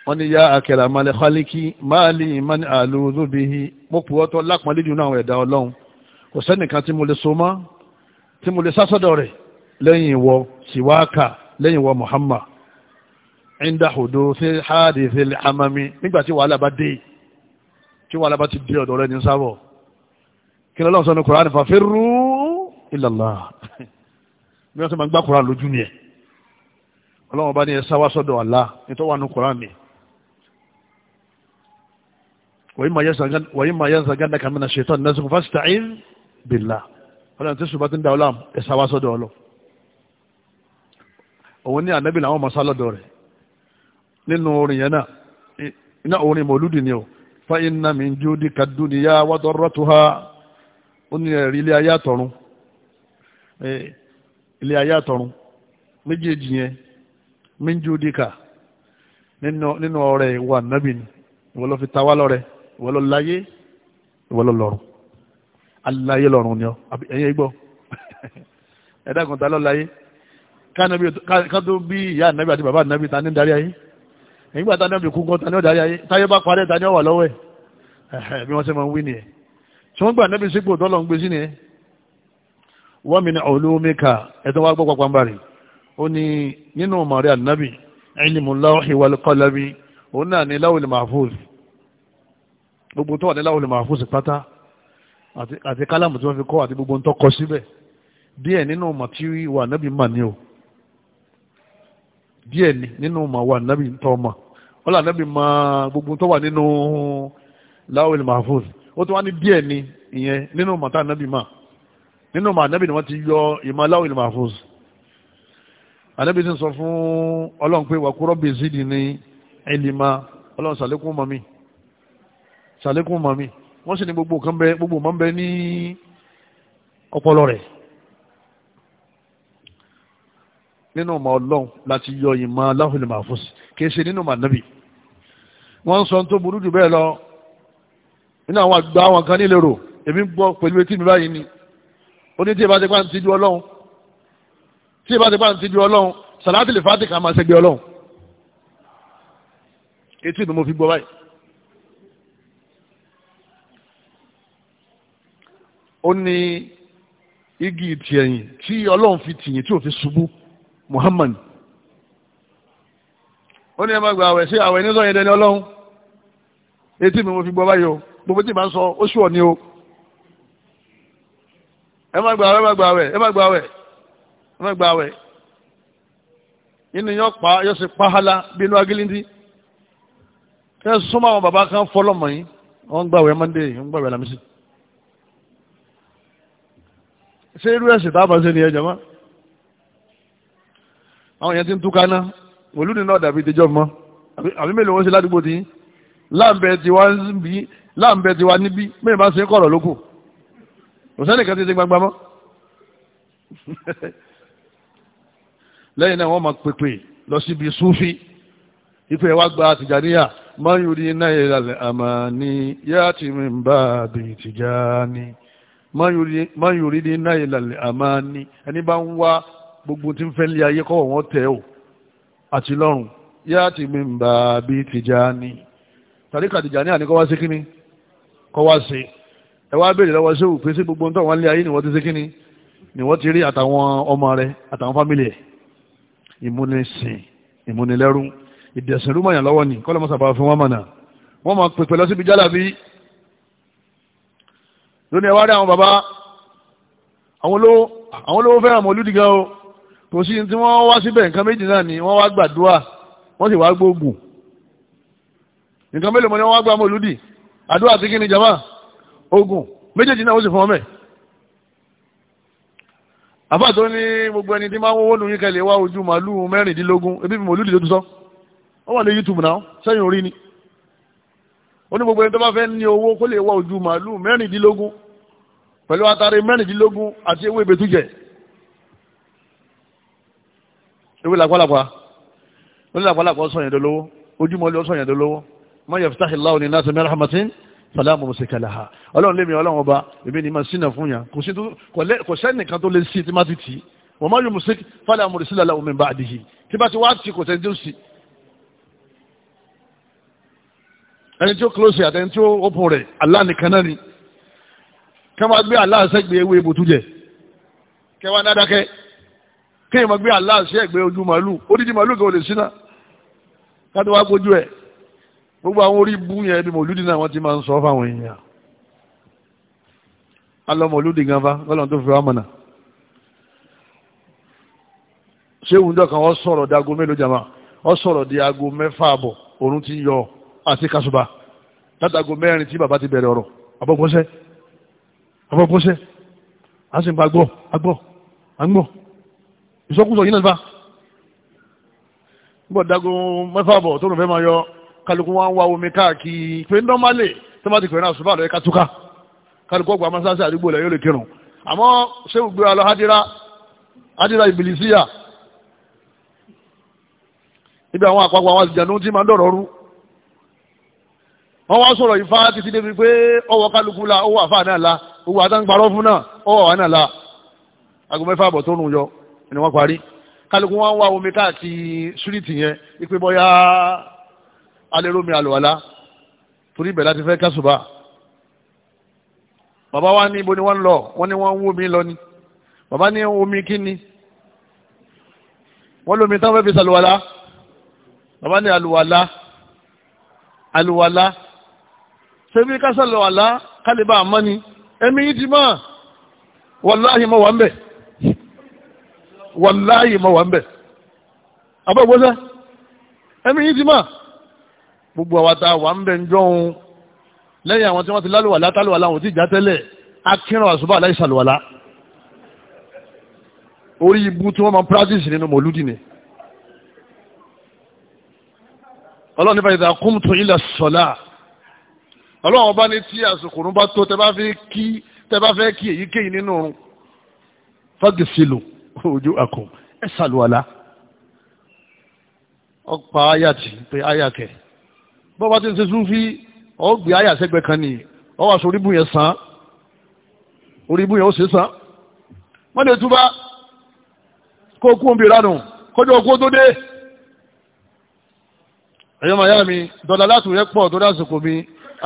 wọ́n ní ya akẹ́rà malẹ̀ khaliki máàlì ìmáni àlùzóbihi mo pù ọ́tọ́ lápọ̀lẹ́ jù náà ẹ̀dá ọlọ́run kò sẹ́nìkan tí mo lè so mọ́ tí mo lè sásọ́dọ̀ rẹ̀ lẹ́yìn ìwọ siwaka lẹ́yìn ìwọ muhammad inda hudu fi haadi fi amami nígbà tí wàhálà bá dé tí wàhálà bá ti dé ọ̀dọ̀ rẹ̀ ní sábọ̀ kí ni ọlọ́run sọ ní kuraani fàfẹ́rù ilàlá wọ́n yìí máa yẹn sàgán náà kàmínà ṣètò ní ẹ̀sìn fásitàín bìlá ọlọ́run tí ṣùgbọ́n ti ń da ọlọ́run ẹ̀sà wá sọ́dọ̀ ọlọ́ òun ní ànábì làwọn ọmọ sálọ́dọ̀ rẹ̀ nínú orin yẹn náà iná orin mọ̀lúdì ni o fa iná mi ń jó di kadúniyá wàtò rọ́tù ha ó ní ẹ̀rí ilé ayé àtọ̀run ilé ayé àtọ̀run méjèèjì yẹn mi ń jó di kà nínú ọrẹ ìwà ànábì ni ìwọ lọ fi ta wá lọ́rẹ̀ẹ́ ìwọ ló láyé ìwọ ló lọ́run aláyé lọ́run ni ọ ẹ̀yin gbọ́ ẹ̀dá kan ta ló láyé ká tó bí ìyá ànábì àti bàbá ànábì ta ní darí ayé nígbà tá ànábì kú gan ta ní ọ̀darí ayé táyé bá parẹ́ ta ní ọ̀wà lọ́wọ́ ẹ̀ bí wọ́n ṣe máa ń wí nìyẹn tí wọ́n gbà ànábì sípò tọ́lọ̀ ń gbé sí nìyẹn wọ́n mi ní olómìnkà ẹ̀tọ́ wá gbọ́ pàpàmbà ó ní nínú mọ̀rẹ́ ànábì ilmu lawhi wal qalami òun náà ní lawhil mahfuz gbogbo tó wà níláwọ̀ lè máa fún sí pátá àti kálámù tí wọ́n fi kọ́ àti gbogbo tó kọ síbẹ̀ díẹ̀ nínú ọmọ tí wà nábì mà ní o díẹ̀ nínú ọmọ wà nábì tó ọmọ wọ́n là nábì mà gbogbo tó wà nínú láwọ̀ lè máa fún sí ó tó wá ní díẹ̀ ni ìyẹn nínú ọmọ nábì mà nínú ọmọ ànábì ni wọ́n ti yọ ìmọ̀ láwọ̀ lè máa sọ fún ọlọ́run pé wàkúrọ́bì zidi ní ẹlìmá ọlọ́run sàlékún mọ́ ṣàlékún màmí wọ́n sì ní gbogbo kan bẹ gbogbo máa ń bẹ ní ọpọlọ rẹ̀ nínú ọmọ ọlọ́run láti yọ ìmọ̀ aláhùlẹ̀ màfúsì kìí ṣe nínú mànábì wọ́n sọ tó burú jù bẹ́ẹ̀ lọ nínú àwọn àgbà àwọn kan nílérò èmi ń gbọ́ pẹ̀lú etí mi báyìí ni ó ní tí ìbá ti pa ń tijú ọlọ́run tí ìbá ti pa ń tijú ọlọ́run sàlátìlì fàtìkà máa ṣẹgbẹ́ ọlọ́run etí mi mo fi gbọ́ báyìí ó ní igi ìtìẹ̀yìn tí ọlọ́run fi tìyìn tí ò fi ṣubú Muhammad ó ní ẹ má gba àwẹ̀ sí àwẹ̀ nílò yẹn dẹni ọlọ́run etí mi mo fi gbọ́ báyìí o gbogbo tí ì ń sọ ó ṣùọ̀ ni o ẹ má gba àwẹ̀ ẹ má gba àwẹ̀ ẹ má gba àwẹ̀ ẹ má gba àwẹ̀ inú yọ pa yọ sí pahala bí inú agilindi kẹ́ ẹ súnmọ́ àwọn bàbá kan fọlọ́mọ yìí wọ́n ń gbàwẹ̀ mọ́ndé yìí wọ́n ń gbàwẹ̀ lámísì ṣé irú ẹ̀sìn táàbà ṣe ni ẹ jẹ̀mọ́ àwọn yẹn ti ń túká ná wòlú ni náà dàbí ìdíjọ́ mọ́ àbí mélòó wọn ṣe ládùúgbò tí láǹbẹ̀ tiwa níbí láǹbẹ̀ tiwa níbí mẹ́rin bá ṣe ń kọ̀rọ̀ lóko kò sẹ́nìkan ti ṣe gbangba mọ́ lẹ́yìn náà wọ́n máa pèpè lọ síbi súfì ife wa gba tìjàníyà máa ń yòrí náà yẹ àmà ní yá tìmí ń bá bìrì tìjàní man yuridi náà ìlàlẹ̀ àmání ẹni bá ń wá gbogbo tí ń fẹ́ lé ayé kọ́ wọ́n tẹ̀ ọ́ àti lọ́rùn yá ti mi ń bá bí Tijani tàríkà Tijani àníkọ́ wá sí kíní kọ́ wá sí ẹ wá lọ́wọ́ sí òpin sí gbogbo tó wọ́n lé ayé ni wọ́n ti sí kíní ni wọ́n ti rí àtàwọn ọmọ rẹ̀ àtàwọn fámìlì ẹ̀ ìmúnisìn ìmúnilẹ́rú ìdẹ̀sìn rúmọ̀yàn lọ́wọ́ ni kọ́lọ́mọ́sàbà fún wọn mọ̀nà wọ́n máa pèpè lọ síbi jálàbí lónìí ẹwà rí àwọn bàbá àwọn olówó àwọn olówó fẹ́ràn mọ̀lúdì gan o kò sí tí wọ́n wá síbẹ̀ nǹkan méjì náà ni wọ́n wá gbàdúrà wọ́n sì wá gbóògùn nǹkan mélòó mọ́ ni wọ́n wá gbà mọ̀lúdì àdúrà tí kí ni jama ogun méjèèjì náà ó sì fọ́n mẹ́ àbá tó ní gbogbo ẹni tí máa ń wọ́n lóyún kẹlẹ̀ wá ojú màálù mẹ́rìndínlógún ebi mọ̀lúdì tó tún sọ ó wà ní pẹ̀lú atare mẹ́rìndínlógún àti ewé ìbẹ̀tújẹ̀ ewé làpálàpá ewé làpálàpá sọ̀yìn dolówó ojúmọ́ ló sọ̀yìn dolówó ma yaftahi Allahu linnasi min rahmatin fala mumsika laha ọlọ́run lémi ọlọ́run ọba èmi ni ma sínà fún yàn kò sẹ́nìkan tó lè sí tí má ti tì wa ma yumsik fala mursila lahu min ba'dihi tí bá ti wá ti kò sẹ́ni tó sì ẹni tí ó close àtẹni tí ó open rẹ̀ Allah kẹ́ gbe gbé Allah sẹ́gbẹ̀ẹ́ ewé ibùtújẹ kẹ́ wá ma kẹ́ máa gbé ma sẹ́gbẹ̀ẹ́ ojú màálù odidi màálù kan lè sínà káàtó wá gbójú gbogbo àwọn orí bú yẹn ni mòlúdì náà wọ́n ti máa ń sọ fáwọn èèyàn alọ́ mòlúdì gan fa tó fi wá di aago mélòó jàmá wọ́n di aago mẹ́fà òrùn ti yọ àti kásùbà látàgò tí bàbá ti ọmọ bọ́sẹ̀ a sì ń bá gbọ́ agbọ́ agbọ́ ìsọkúsọ yìí náà bá gbọ́ dagun mẹ́fà bọ̀ tó nùfẹ́ máa yọ kálukú wa ń wá omi káàkiri pé nọ́málì tó bá ti pẹ̀lú àṣùbà lọ ẹ̀ka túká kálukú ọgbà amásáṣí àdúgbò lẹ̀ yóò lè kírun àmọ́ ṣé gbé wa lọ hádìrá hádìrá ìbìlísíyà níbi àwọn àpapọ̀ àwọn àjànú tí máa ń dọ̀rọ̀ rú wọ́n wá sọ̀rọ̀ ìfá títí débi pé ọwọ́ kálukú la ọwọ́ àfáà náà la gbogbo àtàǹparọ́ fún náà ọwọ́ wa náà la aago mẹ́fà tó nù yọ ni wọ́n parí kálukú wọn wá omi káàkiri súrìtì yẹn ipe bọ́yá alẹ́rọ́mi àlùwàlá torí ibẹ̀ láti fẹ́ kásùbà bàbá wa ní ibo ni wọ́n ń lọ wọ́n ní wọ́n ń wú omi lọ ni bàbá ní omi kí ni wọ́n lómi táwọn fẹ́ fi sàlùwàlá bàbá ní àlùwàlá àlùwàlá ṣé bí kásàlùwàlá kálíbà mọ́ni ẹ̀mí yìí ti máa wàláhì mọ̀ wà ń bẹ̀ wàláhì mọ̀ wà ń bẹ̀ abẹ́gbọ́sẹ́ ẹ̀mí yìí ti máa gbogbo àwọn ta wà ń bẹ̀ ń jọun lẹ́yìn àwọn tí wọ́n ti lálùwàlá tálùwàlá wọn ò tí ìjà tẹ́lẹ̀ akínrán àṣùbà aláìsàlùwàlá orí ibu tí wọ́n máa practice nínú mọ̀lúdì ni ọlọ́run nípa ìdàkùn tó ilẹ̀ sọ́lá ọlọ́run ọba ní tí àsìkòrún bá tó tẹ bá fẹ́ kí tẹ bá fẹ́ kí èyíkéyìí nínú oorun fagisilu ojú akọ ẹ ṣàlùwàlá ọpa ayàtì pé ayàkẹ bọ́ bá ti ń ṣe súnfí ọ gbé ayà sẹ́gbẹ̀ kan ní ọ wà sọ oríbù yẹn sàn oríbù yẹn ó sì sàn wọ́n lè túbá kó kú òǹbì ránù kọjọ́ okú tó dé ẹ̀yọ́ màyá mi dọ̀là látùn pọ̀ tó dásìkò mi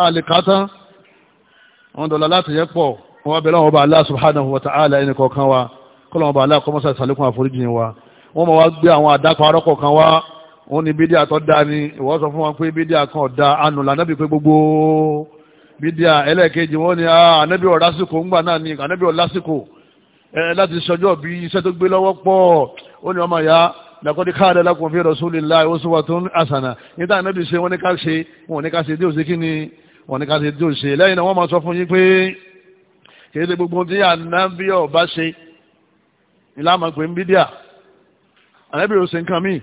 a lè ká tán wọn dọ̀là láti yẹ pọ̀ wọn wá bẹ̀rẹ̀ wọn bá Allah subhanahu wa ta'ala ẹni kọ̀ọ̀kan wa kọ́lọ̀ wọn bá Allah kọ́mọ́sá ìsàlékún àforíjì wa wọn ma wá gbé àwọn àdákọ̀ arọ́kọ̀ kan wá wọn ni bídíà tó dá ni ìwọ́ sọ fún wọn pé bídíà kan ọ̀dá anù lànàbì pé gbogbo bídíà ẹlẹ́ẹ̀kejì wọn ni ah, ànábì ọ̀lásìkò ńgbà náà ni ànábì ọ̀lásìkò láti sọjọ́ bí iṣẹ́ tó gbé lọ́wọ́ pọ̀ ó ní ọmọ ìyá lakọ́dí káàdà lákùnfẹ́ rasulillahi uswatun hasana níta ànábì ṣe wọ́n ní ká ṣe wọ́n ní ká ṣe dé òsì kí ni wọ́n ní ká ṣe tí ò ṣe lẹ́yìn náà wọ́n máa sọ fún yín pé kì í ṣe gbogbo tí ànábì ọba ṣe ìlànà ń bídíà ànábì ò ṣe nǹkan míì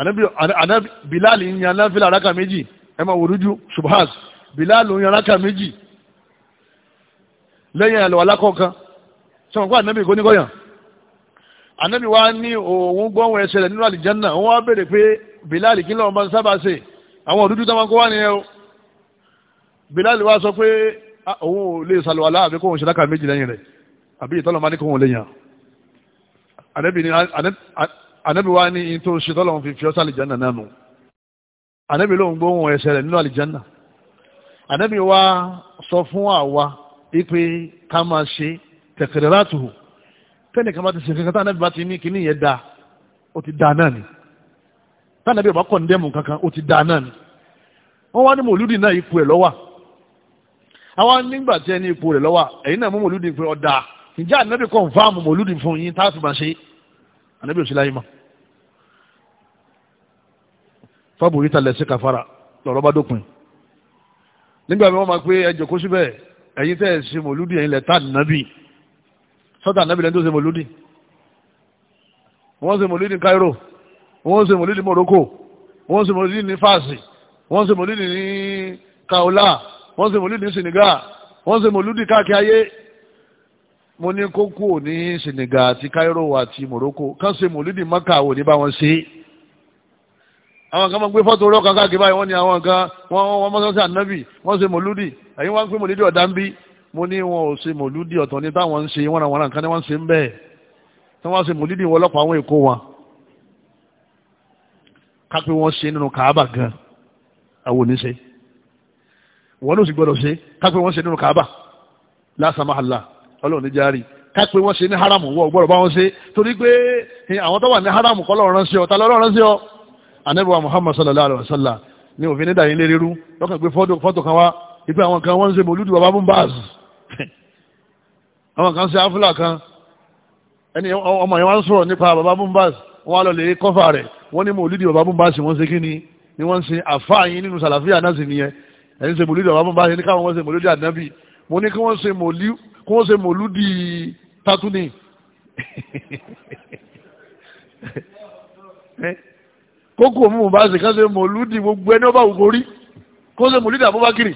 ànábì ń yan náfìlà rákà méjì ẹ máa subhas bilal ń yan rákà méjì lẹ́yìn àlọ́ alákọ̀ọ́kan sọ̀rọ̀ pé ànábì kò ní kọ́yàn ànábì wa ní òun gbọ́hùn ẹsẹ̀ rẹ̀ nínú àlìjánná òun wá béèrè pé bilal kí lọ́wọ́ máa ń sábà ṣe àwọn òdúdú tó máa kó wá nìyẹn o Bilal wá sọ pé ah, òun ò lè sàlùwàlá àbí kóun ṣe lákà méjì lẹ́yìn rẹ̀ àbí ìtọ́lọ̀ máa ní kóun lè yàn ànábì wá ní tó ṣe tọ́lọ̀ fi fi ọ́sà àlìjánà náà nù ànábì lóun gbóhùn ẹsẹ̀ rẹ̀ nínú àlìjánà ànábì wá sọ fún àwa ipe ká máa ṣe tẹ̀kẹ̀rẹ̀ látùhù tẹ́nìkan bá ti ṣe kankan tá ànábì bá ti ní kíní yẹn dáa ó ti dáa náà ni tánàbí ọba kọ̀ ndẹ́mù kankan ó ti dáa náà ni wọ́n wá ní mòlúdì náà ipò ẹ̀ lọ́wà àwa nígbà tí ẹni ipò rẹ̀ lọ́wà ẹ̀yin náà mú mòlúdì pé ọ̀dà ǹjẹ́ ànábì kọ̀ǹfàmù mòlúdì fún yín tá a fi máa ṣe ànábì òṣèlú ayé mọ́ fábùrí talẹ̀ sí kàfàrà lọ́rọ́ bá dópin nígbà mi wọ́n máa pé ẹ jòkó síbẹ̀ ẹ̀yin tẹ́ ẹ̀ ṣe mòlúdì ẹ̀yin lẹ̀ tá ànábì sọ́tà ànábì lẹ́ni ṣe mòlúdì wọ́n ṣe mòlúdì Cairo wọ́n ṣe mọ̀lídìí Morocco wọ́n ṣe mọ̀lídìí ní fásì wọ́n ṣe mọ̀lídìí ní kaola wọ́n ṣe mọ̀lídìí ní Senegal wọ́n ṣe mọ̀lídìí káàkiri ayé mo ní kókó ní Senegal àti Cairo àti Morocco kán ṣe mọ̀lídìí Maka wò ní bá wọn ṣe é àwọn kan máa ń gbé fọ́tò rọ́ọ̀kan káàkiri báyìí wọ́n ní àwọn kan wọ́n wọ́n mọ́sánsá ànábì wọ́n ṣe mòlúdì ẹ̀yin wọ́n ń pè mòlúdì ọ̀dà ń bí mo ní wọn ò ṣe mòlúdì ọ̀tọ̀ ní táwọn ń ṣe wọ́n àwọn nǹkan ní wọ́n ń ń bẹ́ẹ̀ tí wọ́n ṣe mòlúdì wọ́n lọ́pàá àwọn èkó wọn kápẹ́ wọ́n ṣe nínú kaaba gan àwọn oníṣe wọ́n ló sì gbọ́dọ̀ ṣe kápẹ́ wọ́n ṣe nínú kaaba. lásàmáhàlá ọlọ́run ní járí kápẹ́ wọ́n ṣe ní haramu wọ́n gbọ́dọ̀ bá wọn ṣe torí pé eh, àwọn tó wà ní haramu kọ́ lọ́rọ̀ ránṣẹ́ ọ̀tá lọ́rọ̀ ránṣẹ́ ọ anábíwá muhammad sallallahu alaihi wasallam ni òfin ní dàyín lérí rú lọ́kàn gbé fọ́tò kan wá ipe àwọn kan wọ́n ń ṣe mòlúdù bàbá mumbaz àwọn kan ṣe áfúlà kan ẹni ọmọ yẹn wá ń sọ̀rọ̀ nípa bàbá mumbaz wọ́n á lọ lè kọ́fà rẹ̀ wọ́n ní mòlídìí bàbá bùnbà sí wọ́n ṣe kí ni ni wọ́n ń ṣe àfáà yín nínú sàlàfíà náà sì nìyẹn ẹ̀yin ṣe mòlídìí bàbá bùnbà sí ní káwọn wọ́n ṣe mòlídìí ànábì mo ní kí wọ́n ṣe mòlúdìí tátúnì kókò mú bá ṣe kán ṣe mòlúdìí gbogbo ẹni ọba ògò rí kó ṣe mòlúdìí àbúbákiri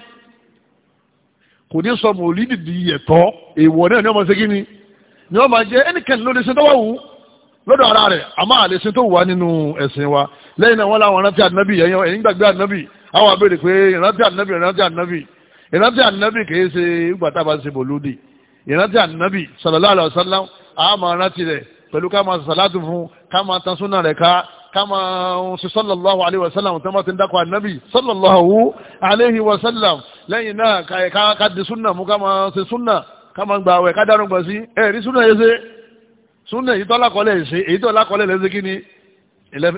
kò ní sọ mòlúdìí ẹ̀tọ́ èèwọ̀ náà ni ọmọ ṣe kí ni ni ọmọ jẹ ẹnikẹ́ni ló lè ṣe tọ́wọ́ wù lọ́dọ̀ ara rẹ̀ àmọ́ àlèsí tó wà nínú ẹ̀sìn wa lẹ́yìn náà wọ́n láwọn ìrántí ànábì ẹ̀yìn ẹ̀yìn gbàgbé ànábì àwọn àbèrè pé ìrántí ànábì ìrántí ànábì ìrántí ànábì kìí ṣe ìgbà bá ṣe bòlúdì ìrántí ànábì sallallahu alaihi wasallam a máa rántí rẹ̀ pẹ̀lú ká máa sàlátù fún ká máa tan súnà rẹ̀ ká ká máa sallallahu alaihi wasallam tó máa ń sallallahu alaihi wasallam lẹ́yìn náà ká di súnà mú ká máa ṣe súnà ká máa gbààwẹ̀ súnà èyí tó lákọọ́lẹ̀ ṣe èyí tó lákọọ́lẹ̀ lẹ́sẹ̀ kí ni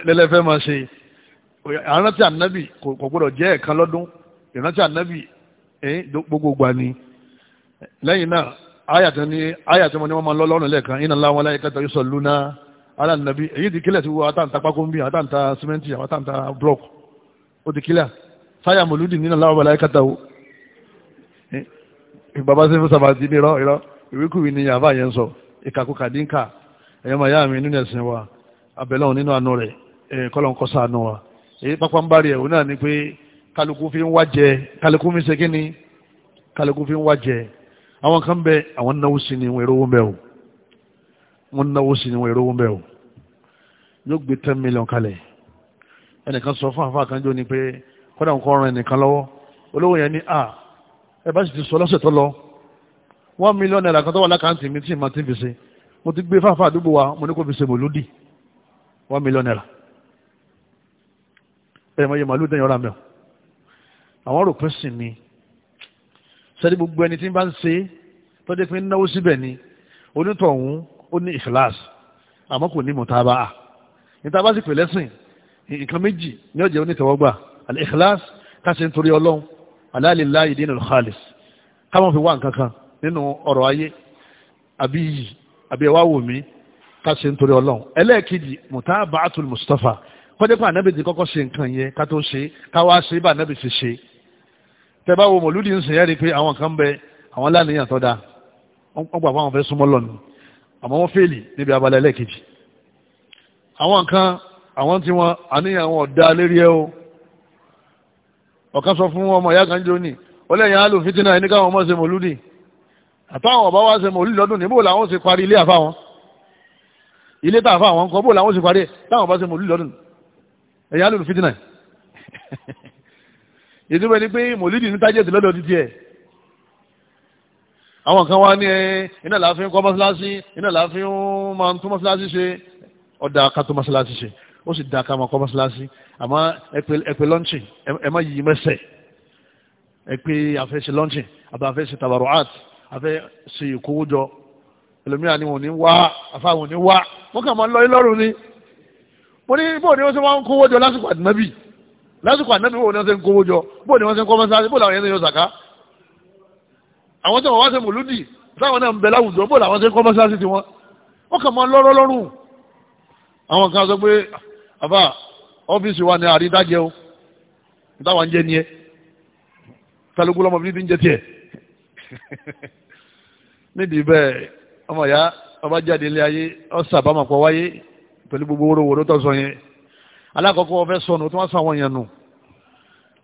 lẹ́lẹ́fẹ́ máa ṣe ìrántí ànábì kò gbọ́dọ̀ jẹ́ ẹ̀kan lọ́dún ìrántí ànábì ẹ̀yìn gbogbo gbà ni lẹ́yìn náà ayàtọ̀ ni ayàtọ̀ mọ́ ni wọ́n máa lọ lọ́rùn lẹ́ẹ̀kan iná láwọn aláìkẹta yóò sọ lúná alánàbí èyí ti kílẹ̀ ti wo àtàǹtà pákóńbí àtàǹtà símẹ́ǹtì àtàǹtà block ó ti kílẹ̀ sáyà mòlúdì nínú láwọn aláìkẹta wo bàbá sẹ́fẹ́ sábà ti ní irọ́ irọ́ ìwékùwì ni yàrá yẹn sọ ìkàkùkà dínkà ẹ̀yọ́ màá yá mi nínú ẹ̀sìn wa abẹ́lẹ́ nínú àánú rẹ̀ kọ́lọ̀ ń kọ́ sànù wa èyí pápá ń bá rí ẹ̀wọ̀n náà ni pé kálukú fi ń wá jẹ kálukú fi ń ṣe kí ni kálukú fi ń wá jẹ àwọn kan bẹ àwọn náwó sí ni wọn èrò wọn bẹ o wọn náwó sí ni wọn èrò wọn bẹ o yóò gbé ten million kalẹ̀ ẹnìkan sọ fún àfa àkànjọ ni pé kọ́dà ń kọ́ ọ̀ràn ẹnìkan lọ́wọ́ olówó yẹn ni a ẹ bá sì ti sọ lọ́sẹ̀ tó lọ one million naira kan tó wà lákàntì mi tí ì mo ti gbé fáfá àdúgbò wa mo ní kó fi ṣe mòlúdì one million naira ẹ̀rọ mọ̀ yẹ màálù dẹ́yìn ọ̀rá àwọn rò pé sìn ni sẹ́ni gbogbo ẹni tí ń bá ń ṣe tọ́jú pé ń náwó síbẹ̀ ni onítọ̀hún ó ní ìfìlàsì àmọ́ kò ní mọ̀tàbà à níta bá sì pè lẹ́sìn nǹkan méjì ní ọ̀jẹ̀ onítọ̀wọ́gbà al-ikhlas káṣe ń torí ọlọ́run ala lillahi dinul khalis ọ̀rọ̀ àbí ẹ wá wò mí ká ṣe nítorí ọlọ́run ẹlẹ́ẹ̀kejì mutaba'atul Mustafa kọ́jẹ́ pé ànábì ti kọ́kọ́ ṣe nǹkan yẹn ká tó ṣe ká wá ṣe bá ànábì ti ṣe tẹ bá wo mọ̀lúdì ń sìn yẹ́rì pé àwọn kan bẹ àwọn láníyàn tó dáa wọ́n gbà fáwọn fẹ́ súnmọ́ lọ́nu àmọ́ wọ́n fèèlì níbi abala ẹlẹ́ẹ̀kejì àwọn kan àwọn tí wọn àníyàn wọn dá lérí ẹ o ọ̀kan sọ fún ọmọ ìyá kan jóni ó lẹ́yìn alò fitina ẹni káwọn ọmọ ṣe mọ̀lúdì àtàwọn ọba wa ṣe mọ̀ olùlọ́dún ní bó làwọn ṣe parí ilé àfáwọn ilé tá àfáwọn ń kọ bó làwọn ṣe parí táwọn ọba ṣe mọ̀ olùlọ́dún ẹ̀yà lùlù fìdínà ìdúpẹ́ ni pé mòlídìí ní tájẹ̀tì lọ́dọ̀ títí ẹ̀ àwọn kan wá ní iná làá fi ń kọ́ mọ́ṣáláṣí iná làá fi ń máa ń tún mọ́ṣáláṣí ṣe ọ̀dà ká tún mọ́ṣáláṣí ṣe ó sì dá ká máa kọ́ mọ́ṣáláṣí àmọ́ ẹ pé lọ́ńchì ẹ má yí mẹ́sẹ̀ ẹ pé àfẹ́ ṣe lọ́ńchì àbá àfẹ́ ṣe tàbàrọ̀ áàtì afẹ́ ṣe ìkówójọ ẹlòmíràn ni wọn ní wá àfáwọn ní wá wọn kàn máa lọ yín lọ́rùn ni mo ní bó ni wọ́n ṣe wọ́n ń kówó jọ lásìkò ànábì lásìkò ànábì wo ni wọ́n ṣe ń kówó jọ bó ni wọ́n ṣe ń kọ́ mọ́sáàsì bó làwọn yẹn ń yọ sàká àwọn tí wọ́n wá ṣe mùlúdì táwọn náà ń bẹ láwùjọ bó làwọn ṣe ń kọ́ mọ́sáàsì tiwọn wọ́n kàn máa lọ́rọ́ lọ́rùn àwọn kan sọ pé àbá ọ́fíìsì wa ni àrídájẹ́ o táwọn ń jẹ ni ẹ kálukú lọ́mọ nídìí bẹ́ẹ̀ ọmọ ìyá ọba jáde ilé ayé ọ̀sà bá máa pọ̀ wáyé pẹ̀lú gbogbo wórówóró tó sọ yẹn alákọ̀ọ́kọ́ ọ̀fẹ́ sọnù tí wọ́n sọ àwọn èèyàn nù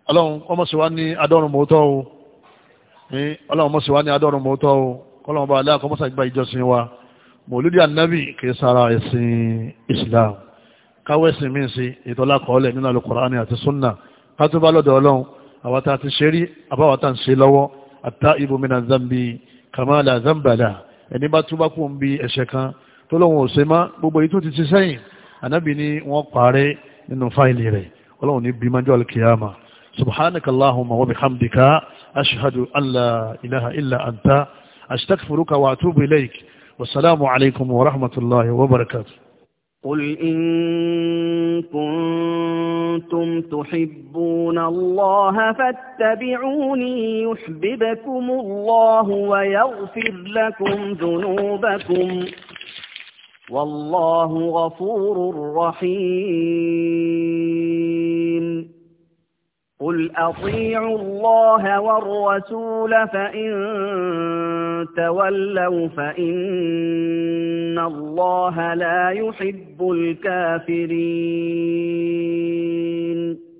ọlọ́run ọmọ sì wá ní adọ́run mọ́tọ́ o ọlọ́run ọmọ sì wá ní adọ́run mọ́tọ́ o kọ́lọ́run ọba aláàkọ́ mọ́sà gba ìjọsìn wa mọ̀lúdí ànábì kì í sara ẹ̀sìn Islam káwọ́ ẹ̀sìn míì sí ìtọ́lá kọ́ọ́lẹ̀ nínú Al-Qur'ani àti sunna ká tó bá lọ́dọ̀ ọlọ́run àwa tá a ti ṣe rí àbáwá tá à ń ṣe lọ́wọ́ at-ta'ibu mina zambi kama la zambala ẹni bá túbá kú ń bi ẹ̀ṣẹ̀ kan tó lóun ò ṣe má gbogbo èyí tó ti ti sẹ́yìn ànábì ni wọ́n parẹ́ nínú fáìlì rẹ̀ ọlọ́run ní bí májọ́ alkiyama subhanaka allahumma قل إن كنتم تحبون الله فاتبعوني يحببكم الله ويغفر لكم ذنوبكم والله غفور رحيم قل أطيعوا الله والرسول فإن تولوا فإن الله لا يحب الكافرين